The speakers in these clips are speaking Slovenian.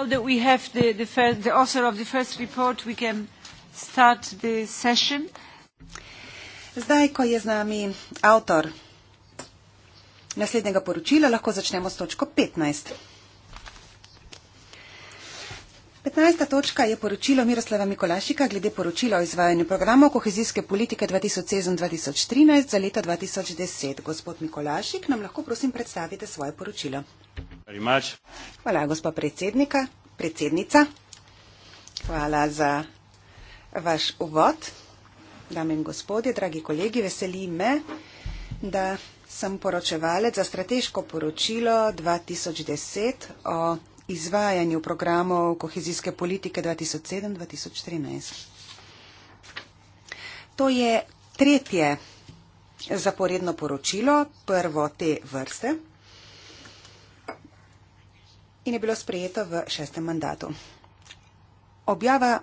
Now that we have the, the, first, the author of the first report, we can start the session. Zdaj, ko je z nami avtor naslednjega poročila, lahko začnemo s točko 15. 15. točka je poročilo Miroslava Mikolašika glede poročila o izvajanju programov kohezijske politike 2007-2013 za leto 2010. Gospod Mikolašik, nam lahko prosim predstavite svoje poročilo. Hvala, gospod predsednika, predsednica. Hvala za vaš uvod. Dame in gospodje, dragi kolegi, veseli me, da sem poročevalec za strateško poročilo 2010 o izvajanju programov kohezijske politike 2007-2013. To je tretje zaporedno poročilo, prvo te vrste in je bilo sprejeto v šestem mandatu. Objava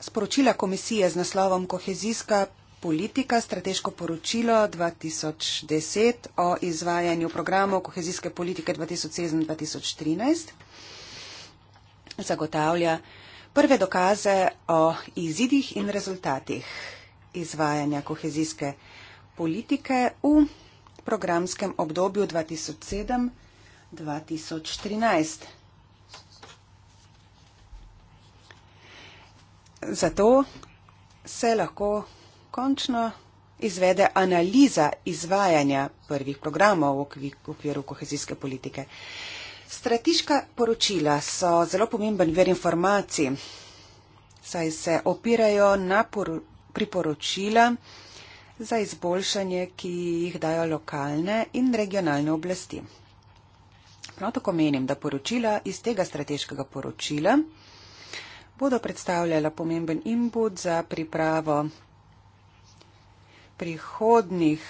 sporočila komisije z naslovom Kohezijska politika, strateško poročilo 2010 o izvajanju programov kohezijske politike 2007-2013 zagotavlja prve dokaze o izidih in rezultatih izvajanja kohezijske politike v programskem obdobju 2007-2013. zato se lahko končno izvede analiza izvajanja prvih programov v okviru kohezijske politike. Strateška poročila so zelo pomemben ver informacij, saj se opirajo na priporočila za izboljšanje, ki jih dajo lokalne in regionalne oblasti. Prav tako menim, da poročila iz tega strateškega poročila bodo predstavljala pomemben input za pripravo prihodnih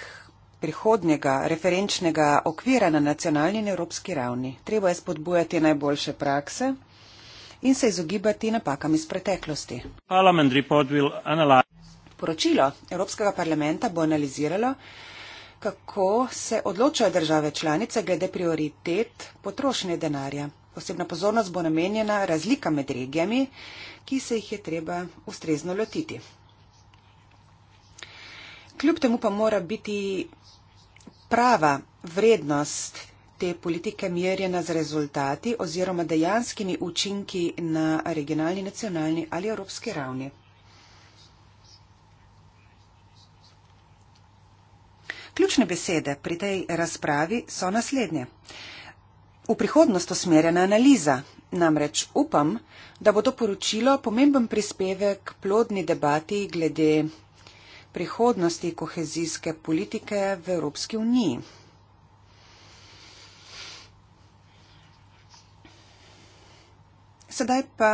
prihodnjega referenčnega okvira na nacionalni in evropski ravni. Treba je spodbujati najboljše prakse in se izogibati napakam iz preteklosti. Poročilo Evropskega parlamenta bo analiziralo, kako se odločajo države članice glede prioritet potrošnje denarja. Posebna pozornost bo namenjena razlika med regijami, ki se jih je treba ustrezno lotiti. Kljub temu pa mora biti prava vrednost te politike merjena z rezultati oziroma dejanskimi učinki na regionalni, nacionalni ali evropski ravni. Ključne besede pri tej razpravi so naslednje v prihodnost osmerjena analiza. Namreč upam, da bo to poročilo pomemben prispevek plodni debati glede prihodnosti kohezijske politike v Evropski uniji. Sedaj pa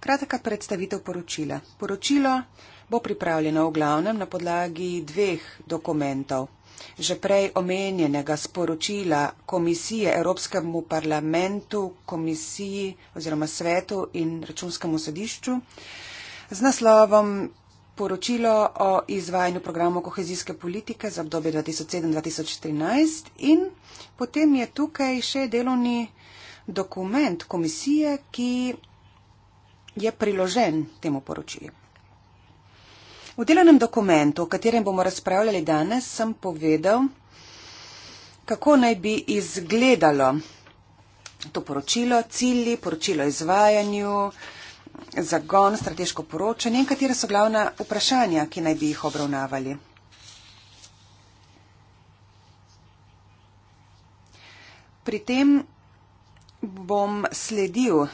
kratka predstavitev poročila. Poročilo bo pripravljeno v glavnem na podlagi dveh dokumentov že prej omenjenega sporočila Komisije Evropskemu parlamentu, Komisiji oziroma Svetu in Računskemu sodišču z naslovom Poročilo o izvajanju programov kohezijske politike za obdobje 2007-2013 in potem je tukaj še delovni dokument komisije, ki je priložen temu poročilu. V delovnem dokumentu, o katerem bomo razpravljali danes, sem povedal, kako naj bi izgledalo to poročilo, cilji, poročilo izvajanju, zagon, strateško poročanje in katere so glavna vprašanja, ki naj bi jih obravnavali. Pri tem bom sledil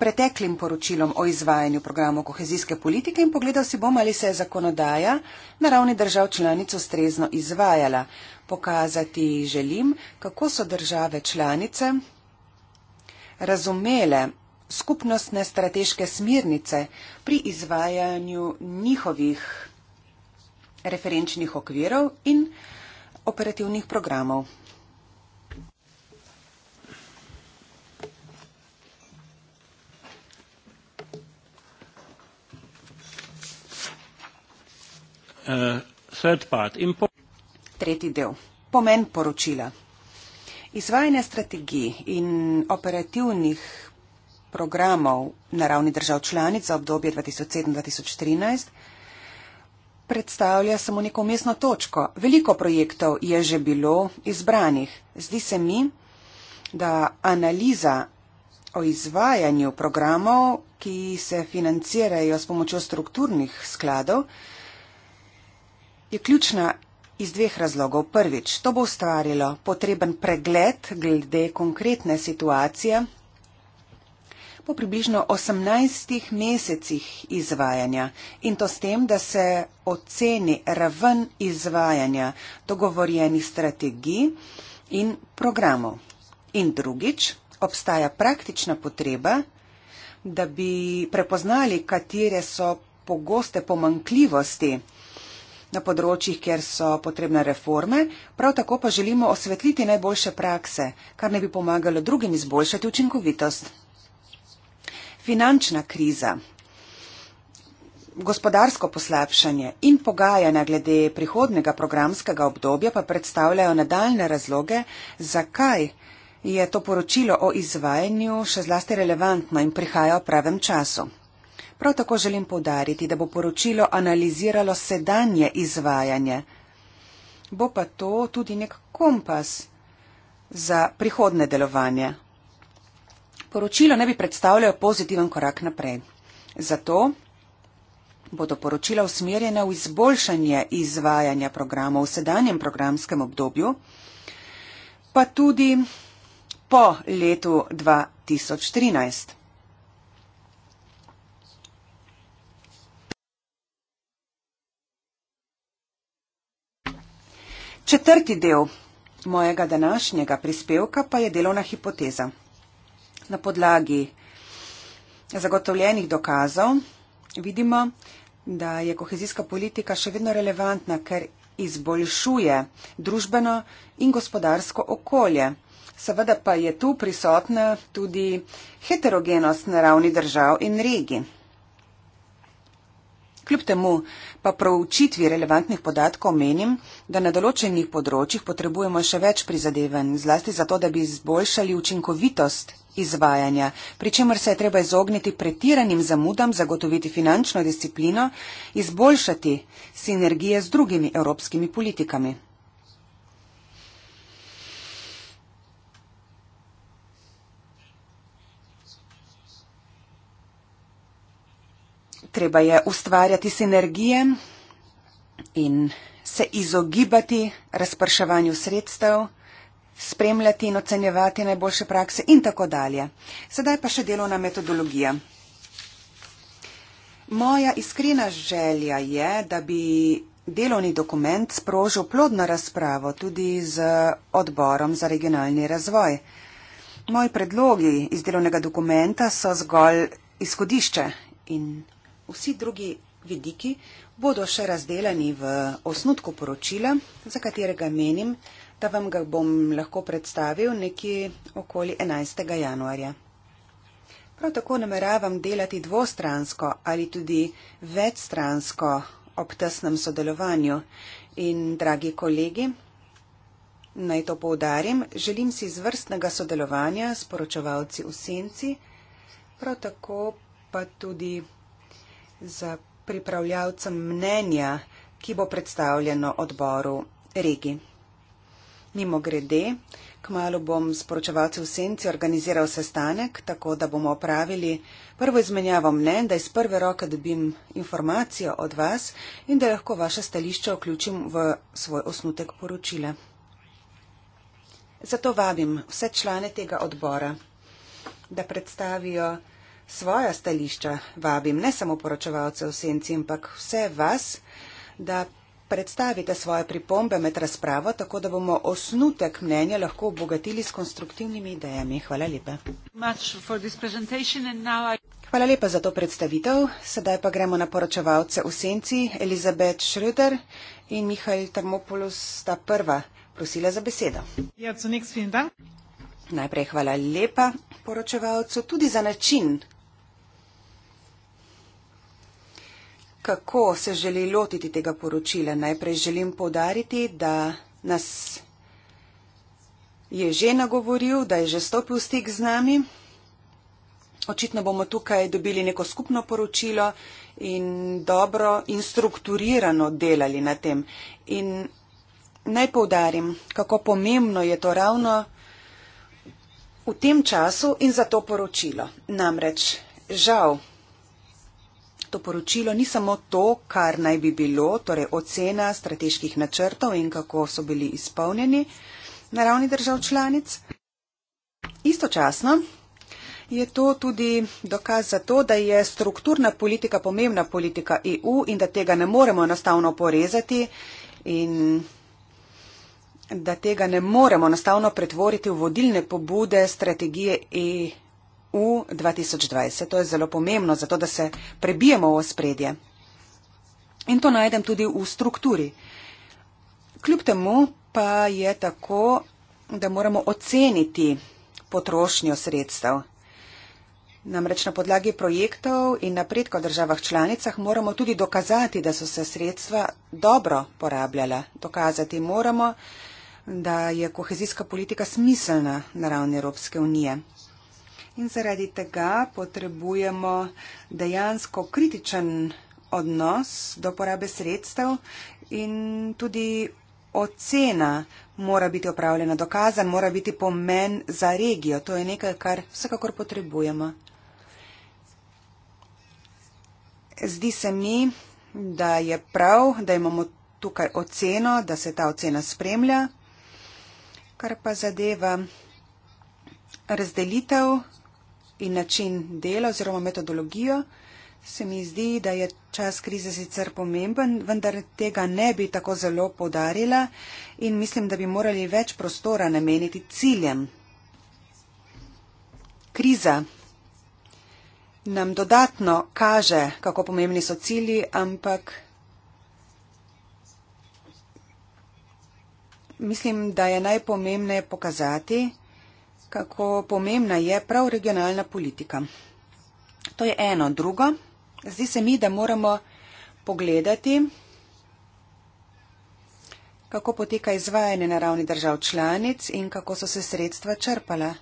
preteklim poročilom o izvajanju programov kohezijske politike in pogledal si bom, ali se je zakonodaja na ravni držav članic ustrezno izvajala. Pokazati želim, kako so države članice razumele skupnostne strateške smirnice pri izvajanju njihovih referenčnih okvirov in operativnih programov. Eh, Tretji del. Pomen poročila. Izvajanje strategij in operativnih programov na ravni držav članic za obdobje 2007-2013 predstavlja samo neko mestno točko. Veliko projektov je že bilo izbranih. Zdi se mi, da analiza o izvajanju programov, ki se financirajo s pomočjo strukturnih skladov, je ključna iz dveh razlogov. Prvič, to bo ustvarilo potreben pregled glede konkretne situacije. Po približno 18 mesecih izvajanja in to s tem, da se oceni raven izvajanja dogovorjenih strategij in programov. In drugič, obstaja praktična potreba, da bi prepoznali, katere so pogoste pomankljivosti na področjih, kjer so potrebne reforme, prav tako pa želimo osvetliti najboljše prakse, kar ne bi pomagalo drugim izboljšati učinkovitost. Finančna kriza, gospodarsko poslabšanje in pogajanja glede prihodnega programskega obdobja pa predstavljajo nadaljne razloge, zakaj je to poročilo o izvajanju še zlasti relevantno in prihaja v pravem času. Prav tako želim povdariti, da bo poročilo analiziralo sedanje izvajanje. Bo pa to tudi nek kompas za prihodne delovanje. Poročilo ne bi predstavljalo pozitiven korak naprej. Zato bodo poročila usmerjena v izboljšanje izvajanja programa v sedanjem programskem obdobju, pa tudi po letu 2013. Četrti del mojega današnjega prispevka pa je delovna hipoteza. Na podlagi zagotovljenih dokazov vidimo, da je kohezijska politika še vedno relevantna, ker izboljšuje družbeno in gospodarsko okolje. Seveda pa je tu prisotna tudi heterogenost na ravni držav in regij. Kljub temu pa proučitvi relevantnih podatkov menim, da na določenih področjih potrebujemo še več prizadeven, zlasti zato, da bi izboljšali učinkovitost izvajanja, pri čemer se je treba izogniti pretiranim zamudam, zagotoviti finančno disciplino, izboljšati sinergije z drugimi evropskimi politikami. treba je ustvarjati sinergije in se izogibati razpraševanju sredstev, spremljati in ocenjevati najboljše prakse in tako dalje. Sedaj pa še delovna metodologija. Moja iskrena želja je, da bi delovni dokument sprožil plodno razpravo tudi z odborom za regionalni razvoj. Moji predlogi iz delovnega dokumenta so zgolj izhodišče in vsi drugi vidiki bodo še razdeljeni v osnutku poročila, za katerega menim, da vam ga bom lahko predstavil nekje okoli 11. januarja. Prav tako nameravam delati dvostransko ali tudi večstransko ob tesnem sodelovanju. In, dragi kolegi, naj to poudarim, želim si zvrstnega sodelovanja s poročevalci v senci, prav tako pa tudi za pripravljavcem mnenja, ki bo predstavljeno odboru regi. Mimo grede, kmalo bom s poročevalcem v Senci organiziral sestanek, tako da bomo opravili prvo izmenjavo mnen, da iz prve roke dobim informacijo od vas in da lahko vaše stališče vključim v svoj osnutek poročila. Zato vabim vse člane tega odbora, da predstavijo svoja stališča vabim ne samo poročevalce v senci, ampak vse vas, da predstavite svoje pripombe med razpravo, tako da bomo osnutek mnenja lahko obogatili s konstruktivnimi idejami. Hvala lepa. Hvala lepa za to predstavitev. Sedaj pa gremo na poročevalce v senci. Elizabeth Schröder in Mihajl Termopoulos sta prva prosila za besedo. Ja, Najprej hvala lepa poročevalcu tudi za način, kako se želi lotiti tega poročila. Najprej želim povdariti, da nas je že nagovoril, da je že stopil v stik z nami. Očitno bomo tukaj dobili neko skupno poročilo in dobro in strukturirano delali na tem. In naj povdarim, kako pomembno je to ravno v tem času in za to poročilo. Namreč, žal, To poročilo ni samo to, kar naj bi bilo, torej ocena strateških načrtov in kako so bili izpolnjeni na ravni držav članic. Istočasno je to tudi dokaz za to, da je strukturna politika pomembna politika EU in da tega ne moremo enostavno porezati in da tega ne moremo enostavno pretvoriti v vodilne pobude strategije EU v 2020. To je zelo pomembno, zato da se prebijemo v ospredje. In to najdem tudi v strukturi. Kljub temu pa je tako, da moramo oceniti potrošnjo sredstev. Namreč na podlagi projektov in napredka v državah članicah moramo tudi dokazati, da so se sredstva dobro porabljala. Dokazati moramo, da je kohezijska politika smiselna na ravni Evropske unije in zaradi tega potrebujemo dejansko kritičen odnos do porabe sredstev in tudi ocena mora biti opravljena, dokazan mora biti pomen za regijo. To je nekaj, kar vsekakor potrebujemo. Zdi se mi, da je prav, da imamo tukaj oceno, da se ta ocena spremlja, kar pa zadeva razdelitev in način dela oziroma metodologijo, se mi zdi, da je čas krize sicer pomemben, vendar tega ne bi tako zelo podarila in mislim, da bi morali več prostora nameniti ciljem. Kriza nam dodatno kaže, kako pomembni so cilji, ampak mislim, da je najpomembneje pokazati, kako pomembna je prav regionalna politika. To je eno. Drugo, zdi se mi, da moramo pogledati, kako poteka izvajanje na ravni držav članic in kako so se sredstva črpala.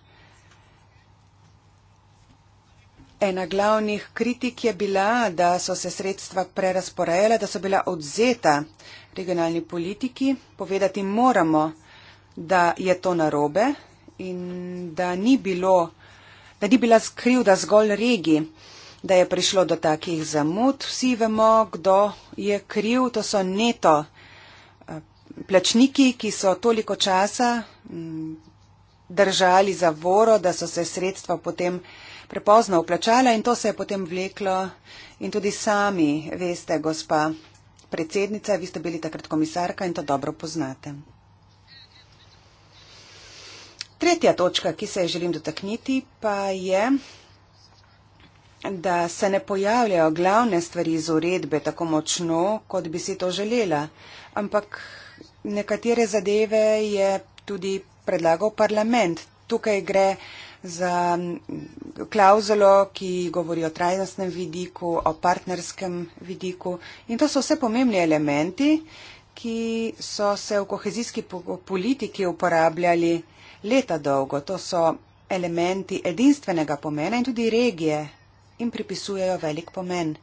Ena glavnih kritik je bila, da so se sredstva prerasporejala, da so bila odzeta regionalni politiki. Povedati moramo, da je to narobe, in da ni, bilo, da ni bila skrivda zgolj regi, da je prišlo do takih zamud. Vsi vemo, kdo je kriv, to so neto eh, plačniki, ki so toliko časa mm, držali zavoro, da so se sredstva potem prepozno uplačala in to se je potem vleklo in tudi sami veste, gospa predsednica, vi ste bili takrat komisarka in to dobro poznate. Tretja točka, ki se je želim dotakniti, pa je, da se ne pojavljajo glavne stvari iz uredbe tako močno, kot bi si to želela, ampak nekatere zadeve je tudi predlagal parlament. Tukaj gre za klauzulo, ki govori o trajnostnem vidiku, o partnerskem vidiku in to so vse pomembni elementi, ki so se v kohezijski politiki uporabljali leta dolgo. To so elementi edinstvenega pomena in tudi regije in pripisujejo velik pomen.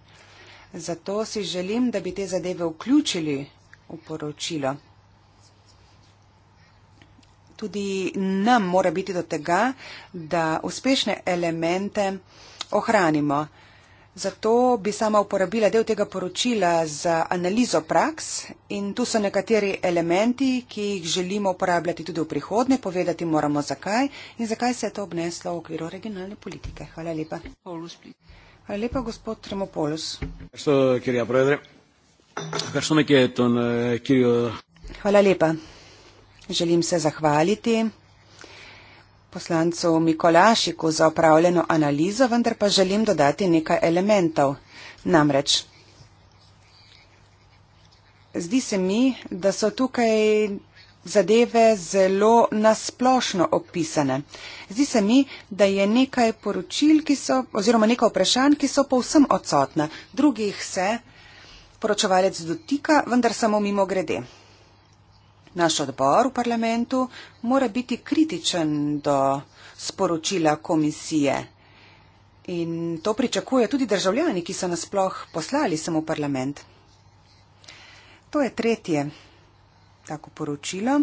Zato si želim, da bi te zadeve vključili v poročilo. Tudi nam mora biti do tega, da uspešne elemente ohranimo. Zato bi sama uporabila del tega poročila za analizo praks in tu so nekateri elementi, ki jih želimo uporabljati tudi v prihodnje, povedati moramo zakaj in zakaj se je to obneslo v okviru regionalne politike. Hvala lepa. Hvala lepa, gospod Tremopolus. Hvala lepa. Želim se zahvaliti poslancu Mikolašiku za opravljeno analizo, vendar pa želim dodati nekaj elementov. Namreč, zdi se mi, da so tukaj zadeve zelo nasplošno opisane. Zdi se mi, da je nekaj poročil, so, oziroma nekaj vprašanj, ki so povsem odsotna. Drugih se poročevalec dotika, vendar samo mimo grede. Naš odbor v parlamentu mora biti kritičen do sporočila komisije. In to pričakuje tudi državljani, ki so nasploh poslali sem v parlament. To je tretje tako poročilo.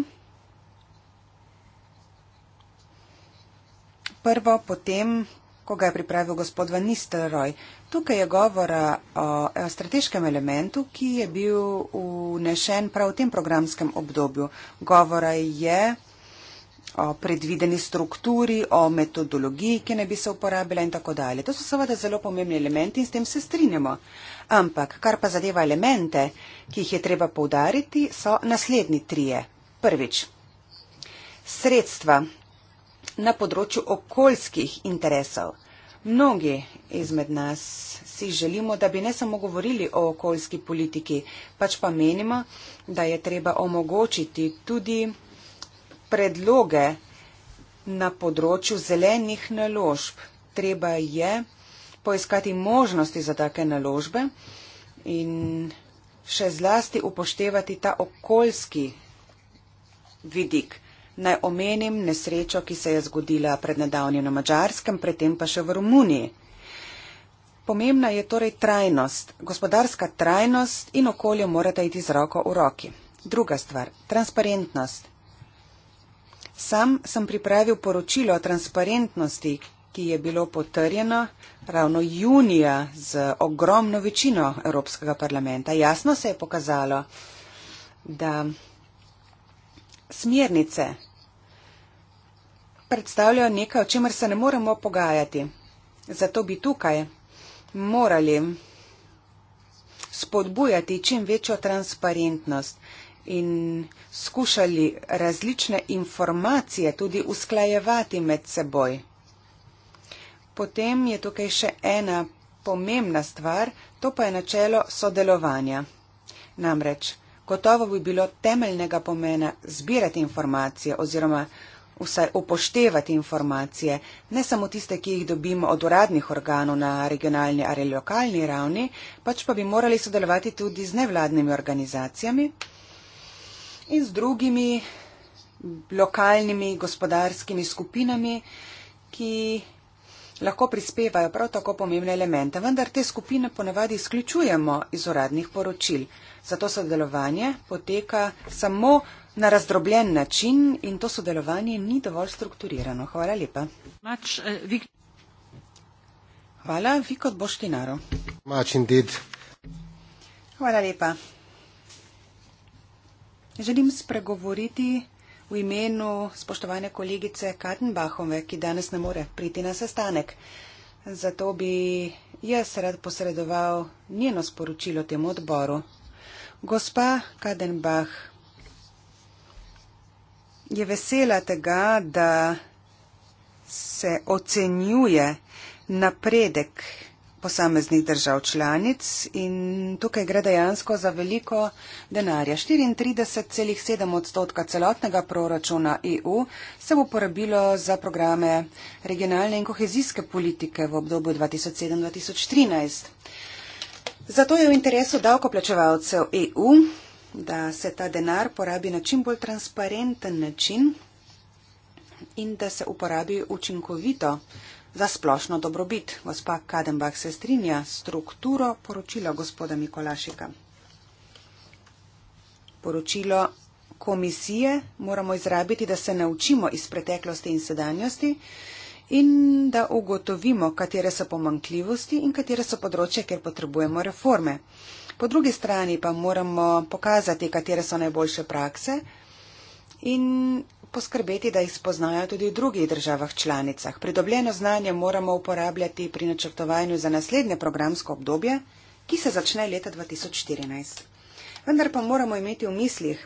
Prvo potem ko ga je pripravil gospod Van Nistelrooy. Tukaj je govora o strateškem elementu, ki je bil vnešen prav v tem programskem obdobju. Govora je o predvideni strukturi, o metodologiji, ki ne bi se uporabila in tako dalje. To so seveda zelo pomembni elementi in s tem se strinjamo. Ampak, kar pa zadeva elemente, ki jih je treba poudariti, so naslednji trije. Prvič, sredstva, na področju okoljskih interesov. Mnogi izmed nas si želimo, da bi ne samo govorili o okoljski politiki, pač pa menimo, da je treba omogočiti tudi predloge na področju zelenih naložb. Treba je poiskati možnosti za take naložbe in še zlasti upoštevati ta okoljski vidik. Naj omenim nesrečo, ki se je zgodila pred nedavnjem na Mačarskem, predtem pa še v Romuniji. Pomembna je torej trajnost, gospodarska trajnost in okolje morata iti z roko v roki. Druga stvar, transparentnost. Sam sem pripravil poročilo o transparentnosti, ki je bilo potrjeno ravno junija z ogromno večino Evropskega parlamenta. Jasno se je pokazalo, da smernice predstavljajo nekaj, o čemer se ne moremo pogajati. Zato bi tukaj morali spodbujati čim večjo transparentnost in skušali različne informacije tudi usklajevati med seboj. Potem je tukaj še ena pomembna stvar, to pa je načelo sodelovanja. Namreč, gotovo bi bilo temeljnega pomena zbirati informacije oziroma vsaj upoštevati informacije, ne samo tiste, ki jih dobimo od uradnih organov na regionalni ali lokalni ravni, pač pa bi morali sodelovati tudi z nevladnimi organizacijami in z drugimi lokalnimi gospodarskimi skupinami, ki lahko prispevajo prav tako pomembne elemente, vendar te skupine ponavadi izključujemo iz uradnih poročil. Zato sodelovanje poteka samo na razdrobljen način in to sodelovanje ni dovolj strukturirano. Hvala lepa. Eh, Hvala, vi kot Boštinaro. Hvala lepa. Želim spregovoriti v imenu spoštovane kolegice Kartenbachove, ki danes ne more priti na sestanek. Zato bi jaz rad posredoval njeno sporočilo temu odboru. Gospa Kadenbach je vesela tega, da se ocenjuje napredek posameznih držav članic in tukaj gre dejansko za veliko denarja. 34,7 odstotka celotnega proračuna EU se bo porabilo za programe regionalne in kohezijske politike v obdobju 2007-2013. Zato je v interesu davkoplačevalcev EU, da se ta denar porabi na čim bolj transparenten način in da se uporabi učinkovito za splošno dobrobit. Gospa Kadenbach se strinja s strukturo poročila gospoda Mikolašika. Poročilo komisije moramo izrabiti, da se naučimo iz preteklosti in sedanjosti in da ugotovimo, katere so pomankljivosti in katere so področje, kjer potrebujemo reforme. Po drugi strani pa moramo pokazati, katere so najboljše prakse in poskrbeti, da jih spoznajo tudi v drugih državah članicah. Pridobljeno znanje moramo uporabljati pri načrtovanju za naslednje programsko obdobje, ki se začne leta 2014. Vendar pa moramo imeti v mislih,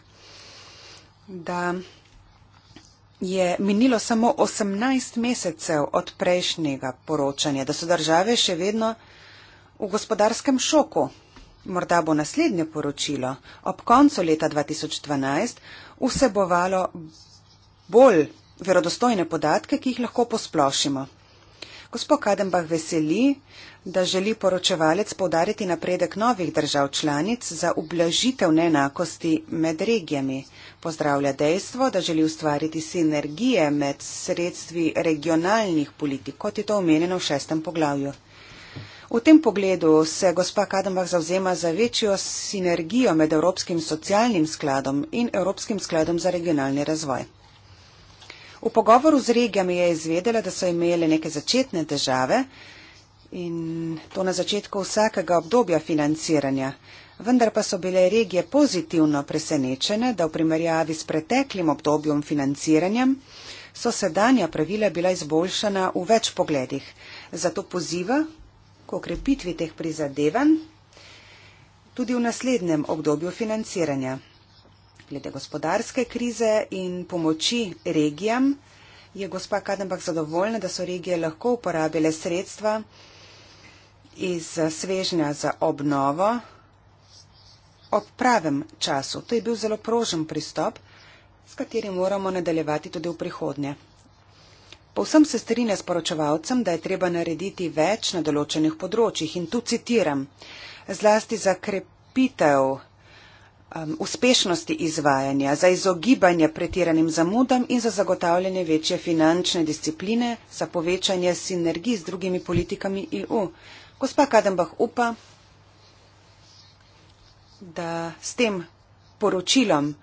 da je minilo samo 18 mesecev od prejšnjega poročanja, da so države še vedno v gospodarskem šoku. Morda bo naslednje poročilo ob koncu leta 2012 vsebovalo bolj verodostojne podatke, ki jih lahko posplošimo. Gospod Kadenbah veseli, da želi poročevalec povdariti napredek novih držav članic za ublažitev neenakosti med regijami. Pozdravlja dejstvo, da želi ustvariti sinergije med sredstvi regionalnih politik, kot je to omenjeno v šestem poglavju. V tem pogledu se gospa Kadenbah zauzema za večjo sinergijo med Evropskim socialnim skladom in Evropskim skladom za regionalni razvoj. V pogovoru z regijami je izvedela, da so imele neke začetne težave in to na začetku vsakega obdobja financiranja. Vendar pa so bile regije pozitivno presenečene, da v primerjavi s preteklim obdobjem financiranjem so sedanja pravila bila izboljšana v več pogledih. Zato poziva k okrepitvi teh prizadevanj tudi v naslednjem obdobju financiranja glede gospodarske krize in pomoči regijam. Je gospa Kadenbach zadovoljna, da so regije lahko uporabile sredstva iz svežnja za obnovo ob pravem času. To je bil zelo prožen pristop, s katerim moramo nadaljevati tudi v prihodnje. Povsem se strinja s poročevalcem, da je treba narediti več na določenih področjih in tu citiram, zlasti za krepitev um, uspešnosti izvajanja, za izogibanje pretiranim zamudam in za zagotavljanje večje finančne discipline, za povečanje sinergij z drugimi politikami EU. Gospa Kadenbach upa, da s tem poročilom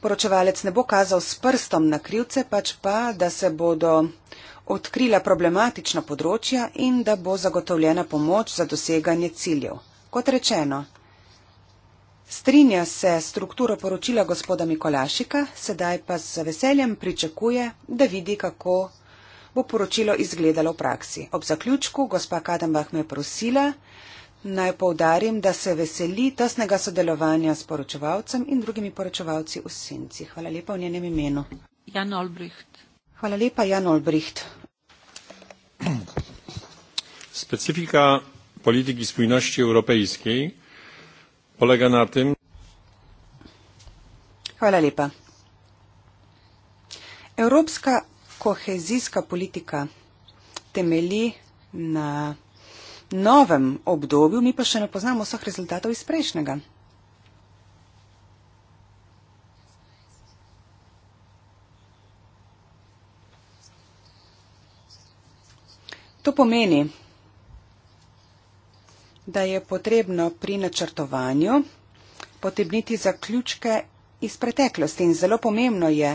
poročevalec ne bo kazal s prstom na krivce, pač pa, da se bodo odkrila problematična področja in da bo zagotovljena pomoč za doseganje ciljev. Kot rečeno, Strinja se strukturo poročila gospoda Mikolašika, sedaj pa z veseljem pričakuje, da vidi, kako bo poročilo izgledalo v praksi. Ob zaključku gospa Kadambah me prosila, naj povdarim, da se veseli tesnega sodelovanja s poročevalcem in drugimi poročevalci v senci. Hvala lepa v njenem imenu. Jan Olbricht. Hvala lepa, Jan Olbricht. Specifika politiki spojnosti evropejskej. Hvala lepa. Evropska kohezijska politika temeli na novem obdobju, mi pa še ne poznamo vseh rezultatov iz prejšnjega. To pomeni, da je potrebno pri načrtovanju potebniti zaključke iz preteklosti in zelo pomembno je,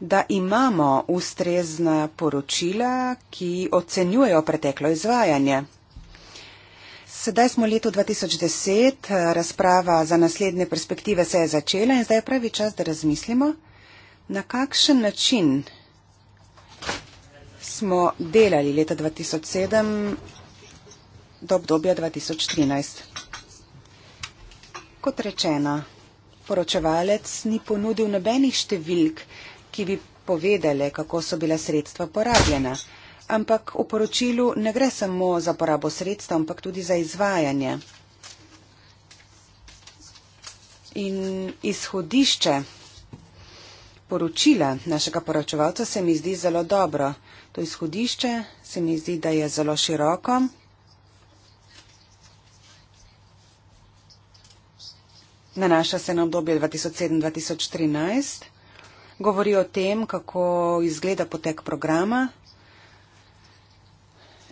da imamo ustrezna poročila, ki ocenjujejo preteklo izvajanje. Sedaj smo leto 2010, razprava za naslednje perspektive se je začela in zdaj je pravi čas, da razmislimo, na kakšen način smo delali leta 2007 do obdobja 2013. Kot rečeno, poročevalec ni ponudil nobenih številk, ki bi povedale, kako so bila sredstva porabljena, ampak v poročilu ne gre samo za porabo sredstva, ampak tudi za izvajanje. In izhodišče poročila našega poročevalca se mi zdi zelo dobro. To izhodišče se mi zdi, da je zelo široko nanaša se na obdobje 2007-2013, govori o tem, kako izgleda potek programa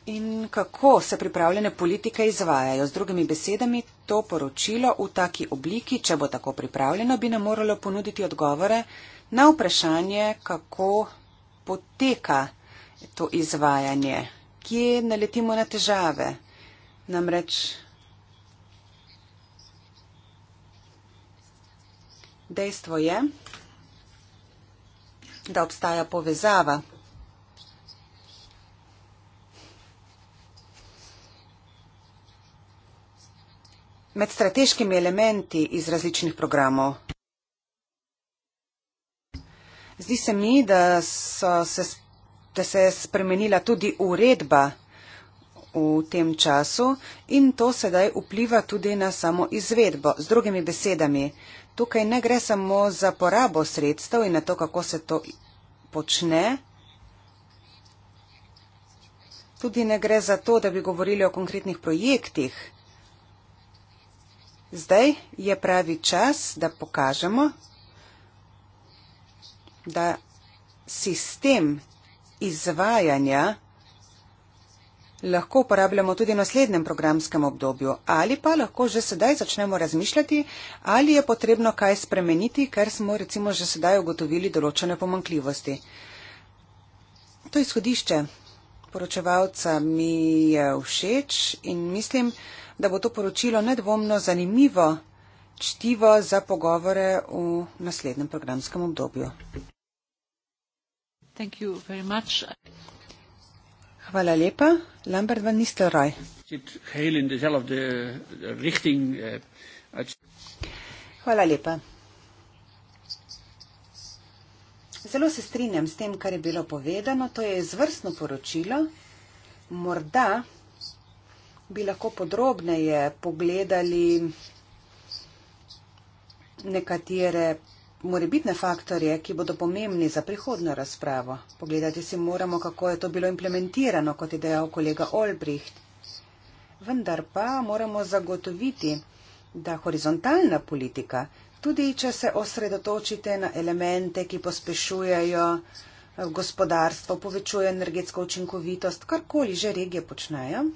in kako se pripravljene politike izvajajo. Z drugimi besedami, to poročilo v taki obliki, če bo tako pripravljeno, bi nam moralo ponuditi odgovore na vprašanje, kako poteka to izvajanje, kje naletimo na težave. Namreč dejstvo je, da obstaja povezava med strateškimi elementi iz različnih programov. Zdi se mi, da, se, da se je spremenila tudi uredba v tem času in to sedaj vpliva tudi na samo izvedbo. Z drugimi besedami, tukaj ne gre samo za porabo sredstev in na to, kako se to počne. Tudi ne gre za to, da bi govorili o konkretnih projektih. Zdaj je pravi čas, da pokažemo, da sistem izvajanja lahko uporabljamo tudi v naslednjem programskem obdobju ali pa lahko že sedaj začnemo razmišljati, ali je potrebno kaj spremeniti, ker smo recimo že sedaj ugotovili določene pomankljivosti. To izhodišče poročevalca mi je všeč in mislim, da bo to poročilo nedvomno zanimivo čtivo za pogovore v naslednjem programskem obdobju. Hvala lepa. Lambert van Nistelrooy. Eh, eh, Hvala lepa. Zelo se strinjam s tem, kar je bilo povedano. To je izvrstno poročilo. Morda bi lahko podrobneje pogledali nekatere morebitne faktorje, ki bodo pomembni za prihodno razpravo. Pogledati si moramo, kako je to bilo implementirano, kot je dejal kolega Olbricht. Vendar pa moramo zagotoviti, da horizontalna politika, tudi če se osredotočite na elemente, ki pospešujejo eh, gospodarstvo, povečujejo energetsko učinkovitost, karkoli že regije počnejo,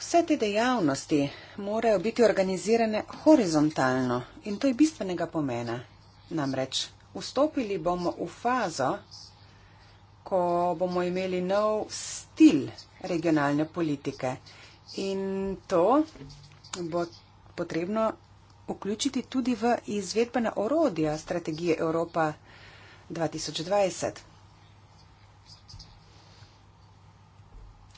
Vse te dejavnosti morajo biti organizirane horizontalno in to je bistvenega pomena. Namreč vstopili bomo v fazo, ko bomo imeli nov stil regionalne politike in to bo potrebno vključiti tudi v izvedbena orodja strategije Evropa 2020.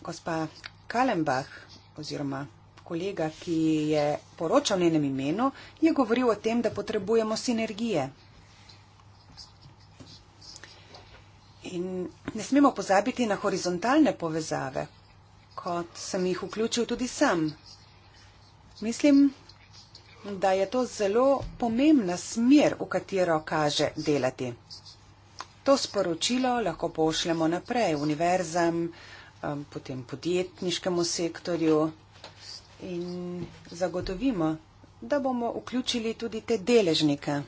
Gospa Kalembach, oziroma kolega, ki je poročal njenem imenu, je govoril o tem, da potrebujemo sinergije. In ne smemo pozabiti na horizontalne povezave, kot sem jih vključil tudi sam. Mislim, da je to zelo pomembna smer, v katero kaže delati. To sporočilo lahko pošljemo naprej univerzam, Um, potem podjetniškemu sektorju in zagotovimo, da bomo vključili tudi te deležnike.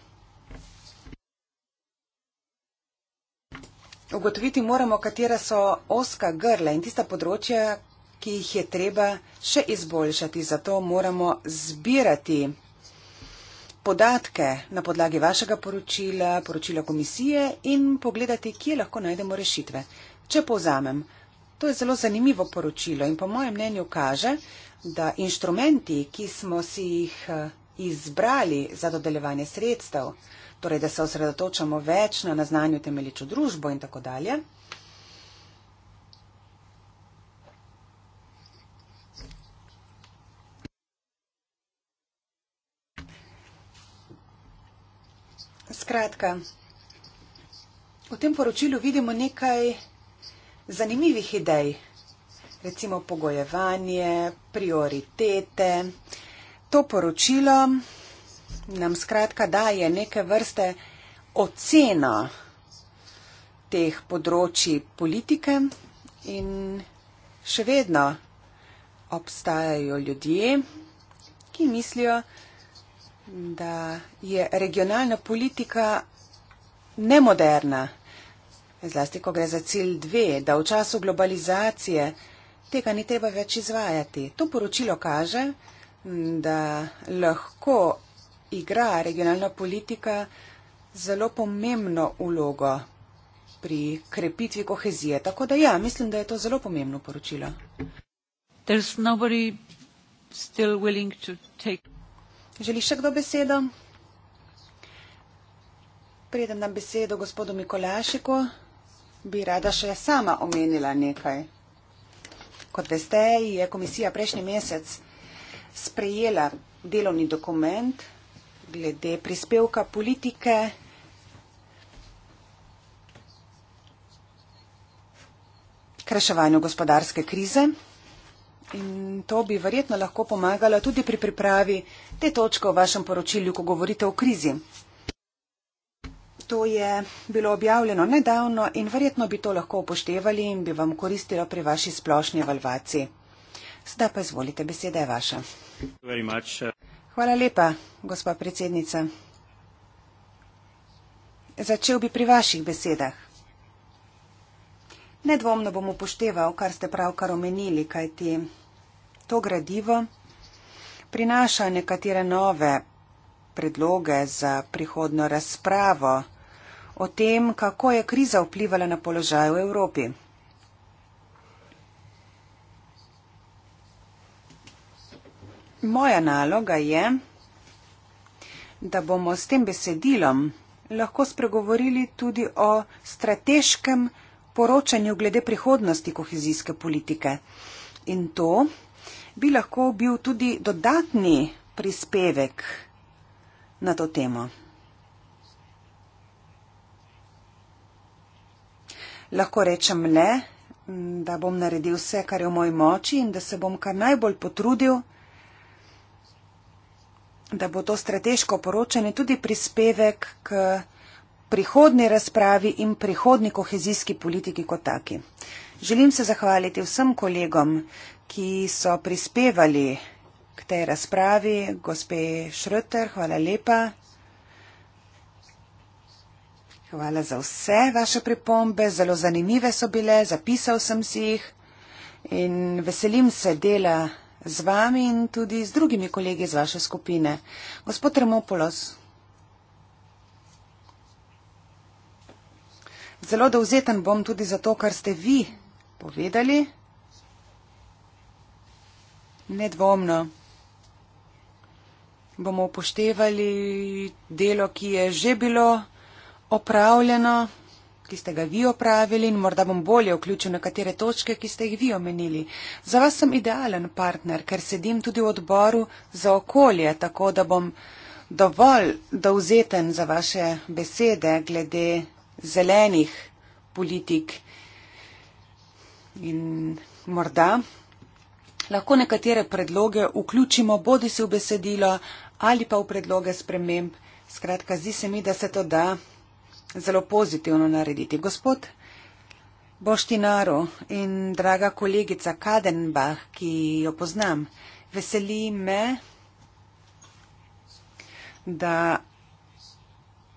Ugotoviti moramo, katera so oska grla in tista področja, ki jih je treba še izboljšati. Zato moramo zbirati podatke na podlagi vašega poročila, poročila komisije in pogledati, kje lahko najdemo rešitve. Če povzamem, To je zelo zanimivo poročilo in po mojem mnenju kaže, da inštrumenti, ki smo si jih eh, izbrali za dodeljevanje sredstev, torej da se osredotočamo več na naznanju temeljičo družbo in tako dalje, Skratka, v tem poročilu vidimo nekaj zanimivih idej, recimo pogojevanje, prioritete. To poročilo nam skratka daje neke vrste oceno teh področji politike in še vedno obstajajo ljudje, ki mislijo, da je regionalna politika nemoderna. Zlasti, ko gre za cilj dve, da v času globalizacije tega ni treba več izvajati. To poročilo kaže, mm, da lahko igra regionalna politika zelo pomembno ulogo pri krepitvi kohezije. Tako da ja, mislim, da je to zelo pomembno poročilo. Želi še kdo besedo? Predem nam besedo gospodu Mikolašiku bi rada še sama omenila nekaj. Kot veste, je komisija prejšnji mesec sprejela delovni dokument glede prispevka politike k reševanju gospodarske krize. In to bi verjetno lahko pomagalo tudi pri pripravi te točke v vašem poročilju, ko govorite o krizi. To je bilo objavljeno nedavno in verjetno bi to lahko upoštevali in bi vam koristilo pri vaši splošni evalvaciji. Zdaj pa izvolite, beseda je vaša. Hvala lepa, gospa predsednica. Začel bi pri vaših besedah. Nedvomno bom upošteval, kar ste pravkar omenili, kajti to gradivo prinaša nekatere nove predloge za prihodno razpravo o tem, kako je kriza vplivala na položaj v Evropi. Moja naloga je, da bomo s tem besedilom lahko spregovorili tudi o strateškem poročanju glede prihodnosti kohezijske politike. In to bi lahko bil tudi dodatni prispevek na to temo. Lahko rečem le, da bom naredil vse, kar je v moji moči in da se bom kar najbolj potrudil, da bo to strateško poročanje tudi prispevek k prihodni razpravi in prihodni kohezijski politiki kot taki. Želim se zahvaliti vsem kolegom, ki so prispevali k tej razpravi. Gospe Šrter, hvala lepa. Hvala za vse vaše pripombe, zelo zanimive so bile, zapisal sem si jih in veselim se dela z vami in tudi z drugimi kolegi iz vaše skupine. Gospod Tremopolos. Zelo dovzeten bom tudi za to, kar ste vi povedali. Nedvomno bomo upoštevali delo, ki je že bilo opravljeno, ki ste ga vi opravili in morda bom bolje vključil nekatere točke, ki ste jih vi omenili. Za vas sem idealen partner, ker sedim tudi v odboru za okolje, tako da bom dovolj dovzeten za vaše besede glede zelenih politik. In morda lahko nekatere predloge vključimo bodi se v besedilo ali pa v predloge sprememb. Skratka, zdi se mi, da se to da zelo pozitivno narediti. Gospod Boštinaro in draga kolegica Kadenbach, ki jo poznam, veseli me, da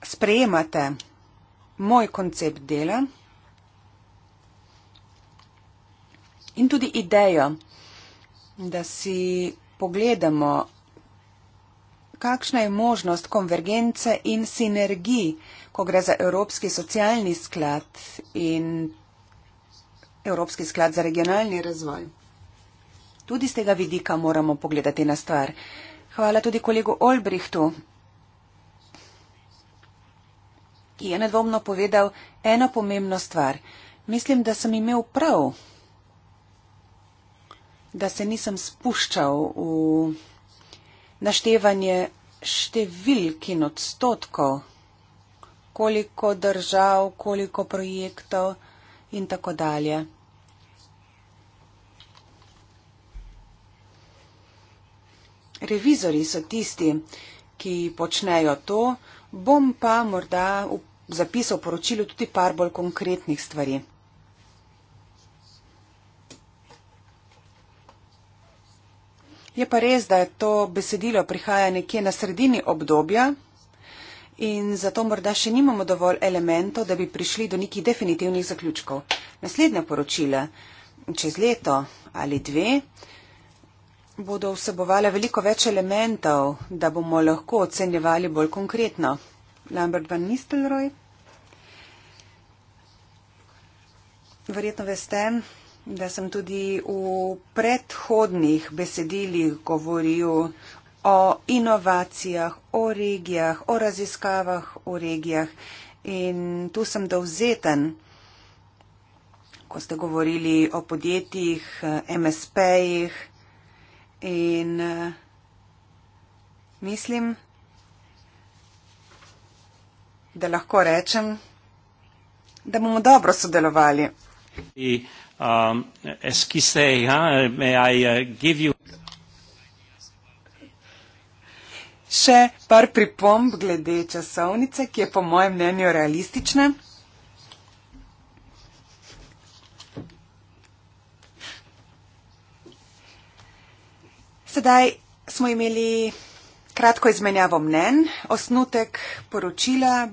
sprejemate moj koncept dela in tudi idejo, da si pogledamo kakšna je možnost konvergence in sinergij, ko gre za Evropski socialni sklad in Evropski sklad za regionalni razvoj. Tudi z tega vidika moramo pogledati na stvar. Hvala tudi kolegu Olbrihtu, ki je nedvomno povedal eno pomembno stvar. Mislim, da sem imel prav, da se nisem spuščal v naštevanje številk in odstotkov, koliko držav, koliko projektov in tako dalje. Revizori so tisti, ki počnejo to, bom pa morda zapisal v poročilu tudi par bolj konkretnih stvari. Je pa res, da je to besedilo prihaja nekje na sredini obdobja in zato morda še nimamo dovolj elementov, da bi prišli do nekih definitivnih zaključkov. Naslednja poročila čez leto ali dve bodo vsebovala veliko več elementov, da bomo lahko ocenjevali bolj konkretno. Lambert van Nistelrooy. Verjetno veste, da sem tudi v predhodnih besedilih govoril o inovacijah, o regijah, o raziskavah v regijah in tu sem dovzeten, ko ste govorili o podjetjih, MSP-jih in mislim, da lahko rečem, da bomo dobro sodelovali um, esquisse, huh? Ja, may I uh, give you Še par pripomb glede časovnice, ki je po mojem mnenju realistična. Sedaj smo imeli kratko izmenjavo mnen. Osnutek poročila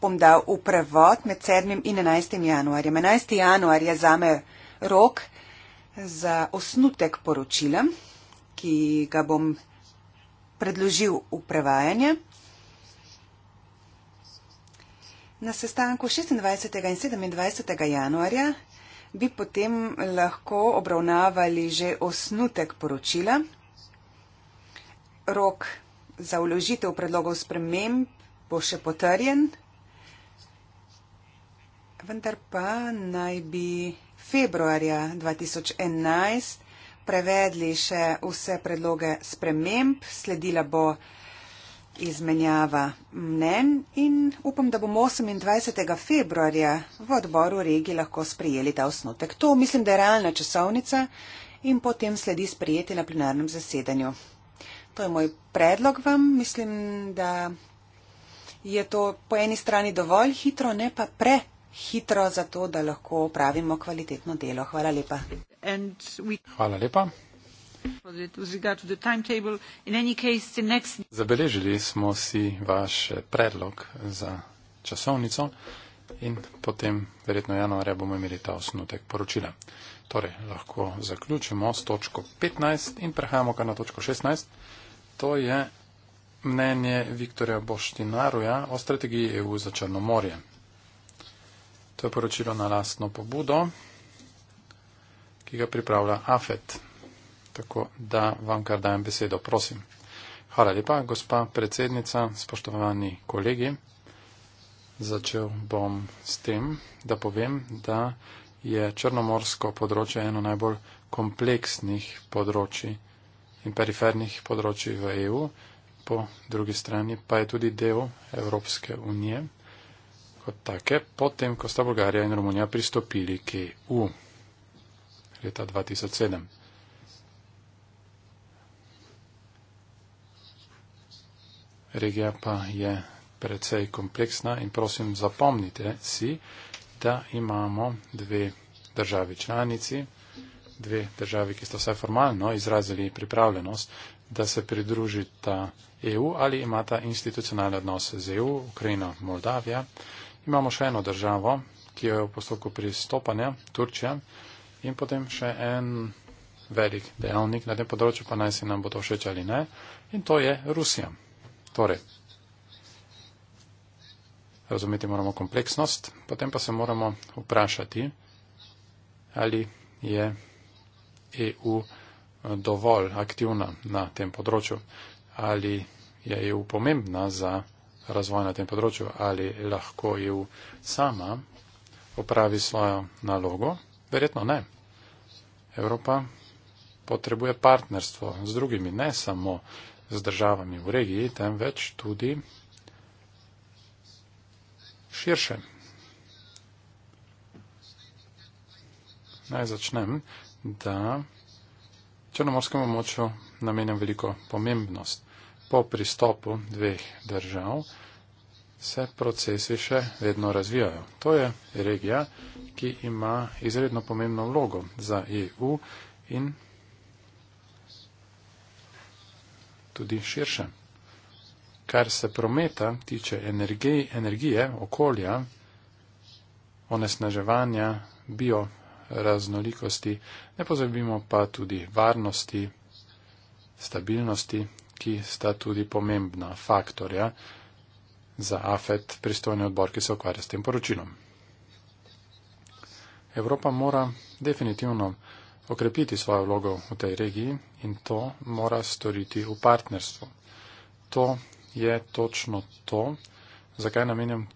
bom dal v prevod med 7. in 11. januarjem. 11. januar je zame rok za osnutek poročila, ki ga bom predložil v prevajanje. Na sestanku 26. in 27. januarja bi potem lahko obravnavali že osnutek poročila. Rok za uložitev predlogov sprememb bo še potrjen vendar pa naj bi februarja 2011 prevedli še vse predloge sprememb, sledila bo izmenjava mnen in upam, da bomo 28. februarja v odboru regi lahko sprijeli ta osnotek. To mislim, da je realna časovnica in potem sledi sprijeti na plenarnem zasedanju. To je moj predlog vam. Mislim, da je to po eni strani dovolj hitro, ne pa prehitro hitro za to, da lahko pravimo kvalitetno delo. Hvala lepa. Hvala lepa. Zabeležili smo si vaš predlog za časovnico in potem verjetno januarja bomo imeli ta osnutek poročila. Torej, lahko zaključimo s točko 15 in prehajamo kar na točko 16. To je mnenje Viktorja Boštinaruja o strategiji EU za Črno morje. To je poročilo na lastno pobudo, ki ga pripravlja AFET. Tako da vam kar dajem besedo, prosim. Hvala lepa, gospa predsednica, spoštovani kolegi. Začel bom s tem, da povem, da je črnomorsko področje eno najbolj kompleksnih področji in perifernih področji v EU, po drugi strani pa je tudi del Evropske unije kot take, potem, ko sta Bolgarija in Romunija pristopili k EU leta 2007. Regija pa je precej kompleksna in prosim zapomnite si, da imamo dve državi članici, dve državi, ki sta vsaj formalno izrazili pripravljenost, da se pridružita EU ali imata institucionalne odnose z EU, Ukrajina, Moldavija. Imamo še eno državo, ki je v postopku pristopanja, Turčija, in potem še en velik dejavnik na tem področju, pa naj si nam bo to všeč ali ne, in to je Rusija. Torej, razumeti moramo kompleksnost, potem pa se moramo vprašati, ali je EU eh, dovolj aktivna na tem področju, ali je EU pomembna za razvoj na tem področju, ali lahko EU sama opravi svojo nalogo? Verjetno ne. Evropa potrebuje partnerstvo z drugimi, ne samo z državami v regiji, temveč tudi širše. Naj začnem, da črnomorskemu moču namenjam veliko pomembnost po pristopu dveh držav se procesi še vedno razvijajo. To je regija, ki ima izredno pomembno vlogo za EU in tudi širše. Kar se prometa tiče energij, energije, okolja, onesnaževanja, bioraznolikosti, ne pozabimo pa tudi varnosti, stabilnosti ki sta tudi pomembna faktorja za AFET pristojni odbor, ki se ukvarja s tem poročilom. Evropa mora definitivno okrepiti svojo vlogo v tej regiji in to mora storiti v partnerstvu. To je točno to, zakaj namenjam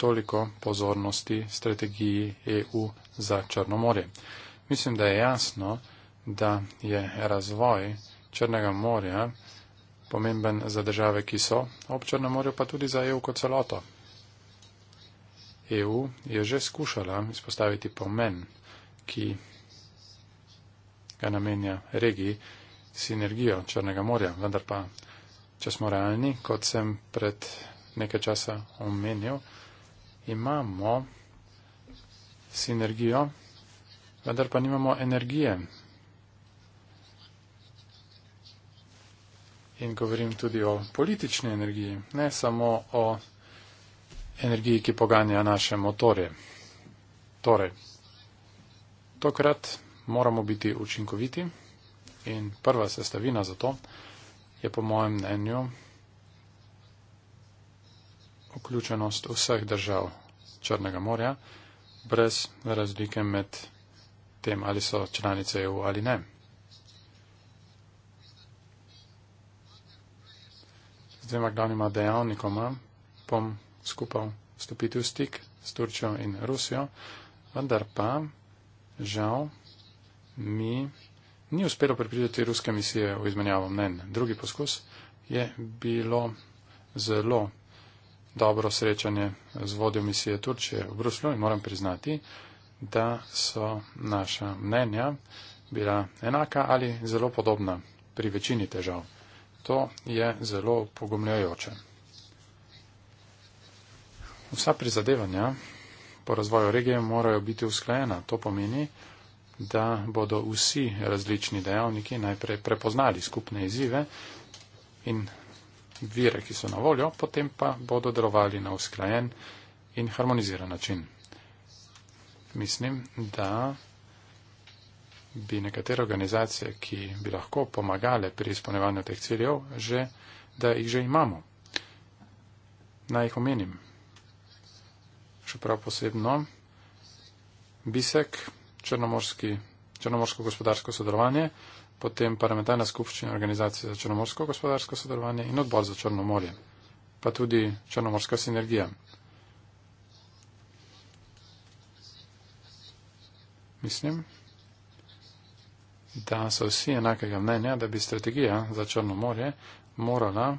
toliko pozornosti strategiji EU za Črno morje. Mislim, da je jasno, da je razvoj Črnega morja, pomemben za države, ki so ob Črnem morju, pa tudi za EU kot celoto. EU je že skušala izpostaviti pomen, ki ga namenja regiji, sinergijo Črnega morja, vendar pa, če smo realni, kot sem pred nekaj časa omenil, imamo sinergijo, vendar pa nimamo energije in govorim tudi o politični energiji, ne samo o energiji, ki poganja naše motorje. Torej, tokrat moramo biti učinkoviti in prva sestavina za to je po mojem mnenju vključenost vseh držav Črnega morja brez razlike med tem, ali so članice EU ali ne. dvema glavnima dejavnikoma bom skupaj vstopiti v stik s Turčjo in Rusijo, vendar pa žal mi ni uspelo pripričati ruske misije v izmenjavo mnen. Drugi poskus je bilo zelo dobro srečanje z vodjo misije Turčije v Bruslju in moram priznati, da so naša mnenja bila enaka ali zelo podobna pri večini težav. To je zelo pogumljajoče. Vsa prizadevanja po razvoju regije morajo biti usklajena. To pomeni, da bodo vsi različni dejavniki najprej prepoznali skupne izzive in vire, ki so na voljo, potem pa bodo delovali na usklajen in harmoniziran način. Mislim, da bi nekatere organizacije, ki bi lahko pomagale pri izpolnevanju teh ciljev, že, da jih že imamo. Naj jih omenim. Še prav posebno Bisek, Črnomorsko gospodarsko sodelovanje, potem parlamentarna skupščina organizacije za Črnomorsko gospodarsko sodelovanje in odbor za Črnomorje, pa tudi Črnomorska sinergija. Mislim, da so vsi enakega mnenja, da bi strategija za Črno morje morala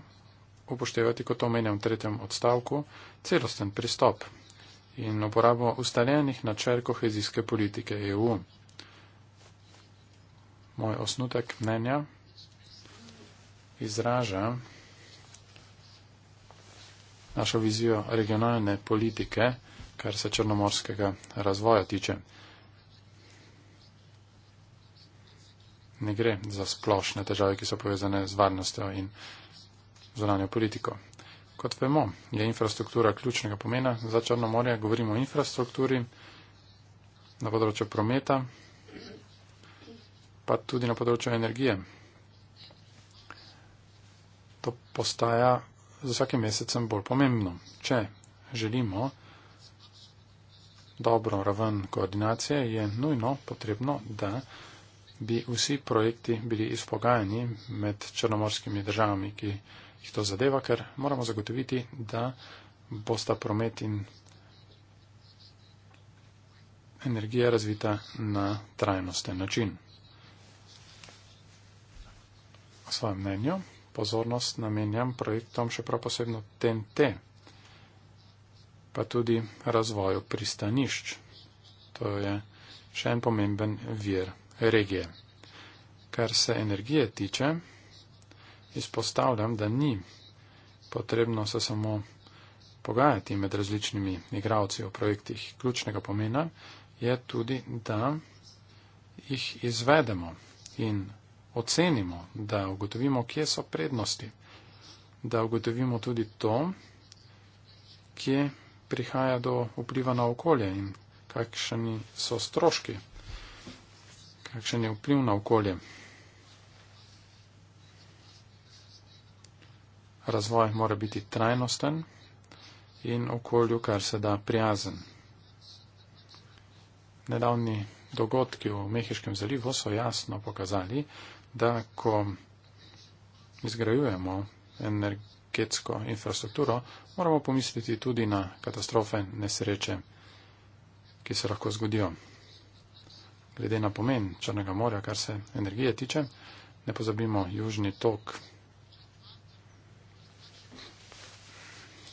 upoštevati, kot omenjam v tretjem odstavku, celosten pristop in uporabo ustaljenih načel kohezijske politike EU. Moj osnutek mnenja izraža našo vizijo regionalne politike, kar se črnomorskega razvoja tiče. ne gre za splošne težave, ki so povezane z varnostjo in zunanjo politiko. Kot vemo, je infrastruktura ključnega pomena za Črno morje. Govorimo o infrastrukturi na področju prometa, pa tudi na področju energije. To postaja z vsakim mesecem bolj pomembno. Če želimo dobro raven koordinacije, je nujno potrebno, da bi vsi projekti bili izpogajani med črnomorskimi državami, ki jih to zadeva, ker moramo zagotoviti, da bosta promet in energija razvita na trajnosten način. V svojem mnenju pozornost namenjam projektom še prav posebno TNT, pa tudi razvoju pristanišč. To je še en pomemben vir regije. Kar se energije tiče, izpostavljam, da ni potrebno se samo pogajati med različnimi igravci o projektih. Ključnega pomena je tudi, da jih izvedemo in ocenimo, da ugotovimo, kje so prednosti, da ugotovimo tudi to, kje prihaja do vpliva na okolje in kakšni so stroški kakšen je vpliv na okolje. Razvoj mora biti trajnosten in okolju kar se da prijazen. Nedavni dogodki v Mehiškem zalivu so jasno pokazali, da ko izgrajujemo energetsko infrastrukturo, moramo pomisliti tudi na katastrofe, nesreče, ki se lahko zgodijo glede na pomen Črnega morja, kar se energije tiče. Ne pozabimo, južni tok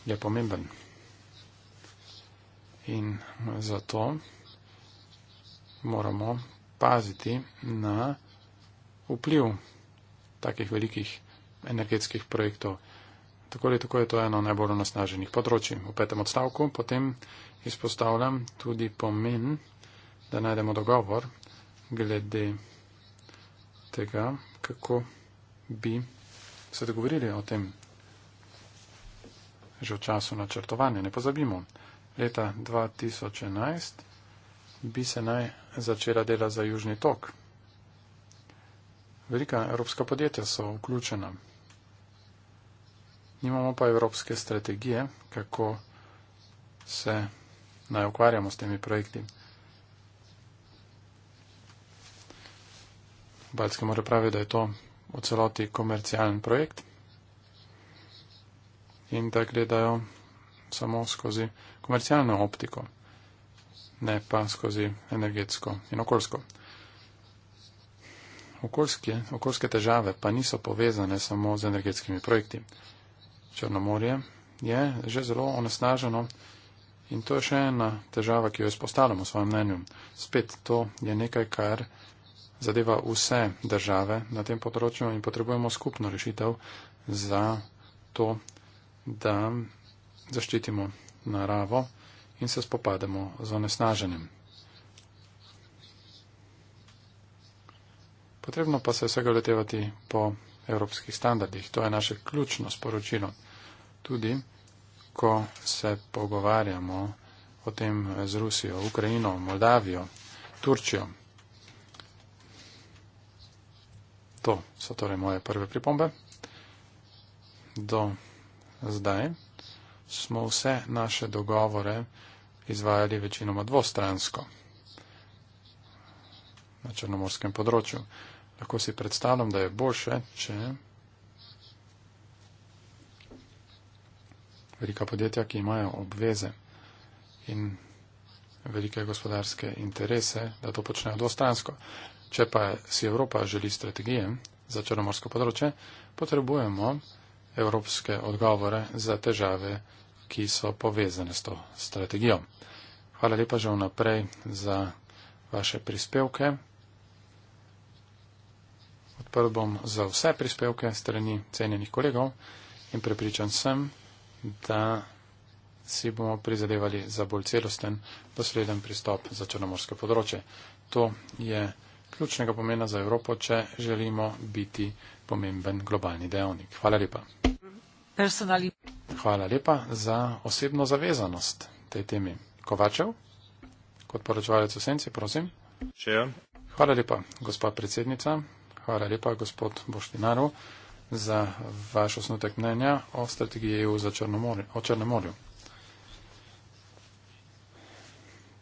je pomemben. In zato moramo paziti na vpliv takih velikih energetskih projektov. Tako ali tako je to eno najbolj onosnaženih področji. V petem odstavku potem izpostavljam tudi pomen, da najdemo dogovor glede tega, kako bi se dogovorili o tem že v času načrtovanja. Ne pozabimo, leta 2011 bi se naj začela dela za Južni tok. Velika evropska podjetja so vključena. Nimamo pa evropske strategije, kako se naj ukvarjamo s temi projekti. Balske more pravi, da je to v celoti komercialen projekt in da gledajo samo skozi komercialno optiko, ne pa skozi energetsko in okoljsko. Okoljske, okoljske težave pa niso povezane samo z energetskimi projekti. Črnomorje je že zelo onesnaženo in to je še ena težava, ki jo izpostavljamo v svojem mnenju. Spet to je nekaj, kar zadeva vse države na tem področju in potrebujemo skupno rešitev za to, da zaščitimo naravo in se spopademo z onesnaženjem. Potrebno pa se vsega letevati po evropskih standardih. To je naše ključno sporočilo. Tudi, ko se pogovarjamo o tem z Rusijo, Ukrajino, Moldavijo, Turčijo. To so torej moje prve pripombe. Do zdaj smo vse naše dogovore izvajali večinoma dvostransko na črnomorskem področju. Lahko si predstavljam, da je boljše, če velika podjetja, ki imajo obveze in velike gospodarske interese, da to počnejo dvostransko. Če pa si Evropa želi strategije za črnomorsko področje, potrebujemo evropske odgovore za težave, ki so povezane s to strategijo. Hvala lepa že vnaprej za vaše prispevke. Odprl bom za vse prispevke strani cenjenih kolegov in prepričan sem, da si bomo prizadevali za bolj celosten, posleden pristop za črnomorske področje. To je ključnega pomena za Evropo, če želimo biti pomemben globalni dejavnik. Hvala lepa. Personali. Hvala lepa za osebno zavezanost tej temi. Kovačev, kot poročevalec v senci, prosim. Če. Ja. Hvala lepa, gospa predsednica. Hvala lepa, gospod Boštinaru, za vaš osnutek mnenja o strategiji EU za Črnomorje.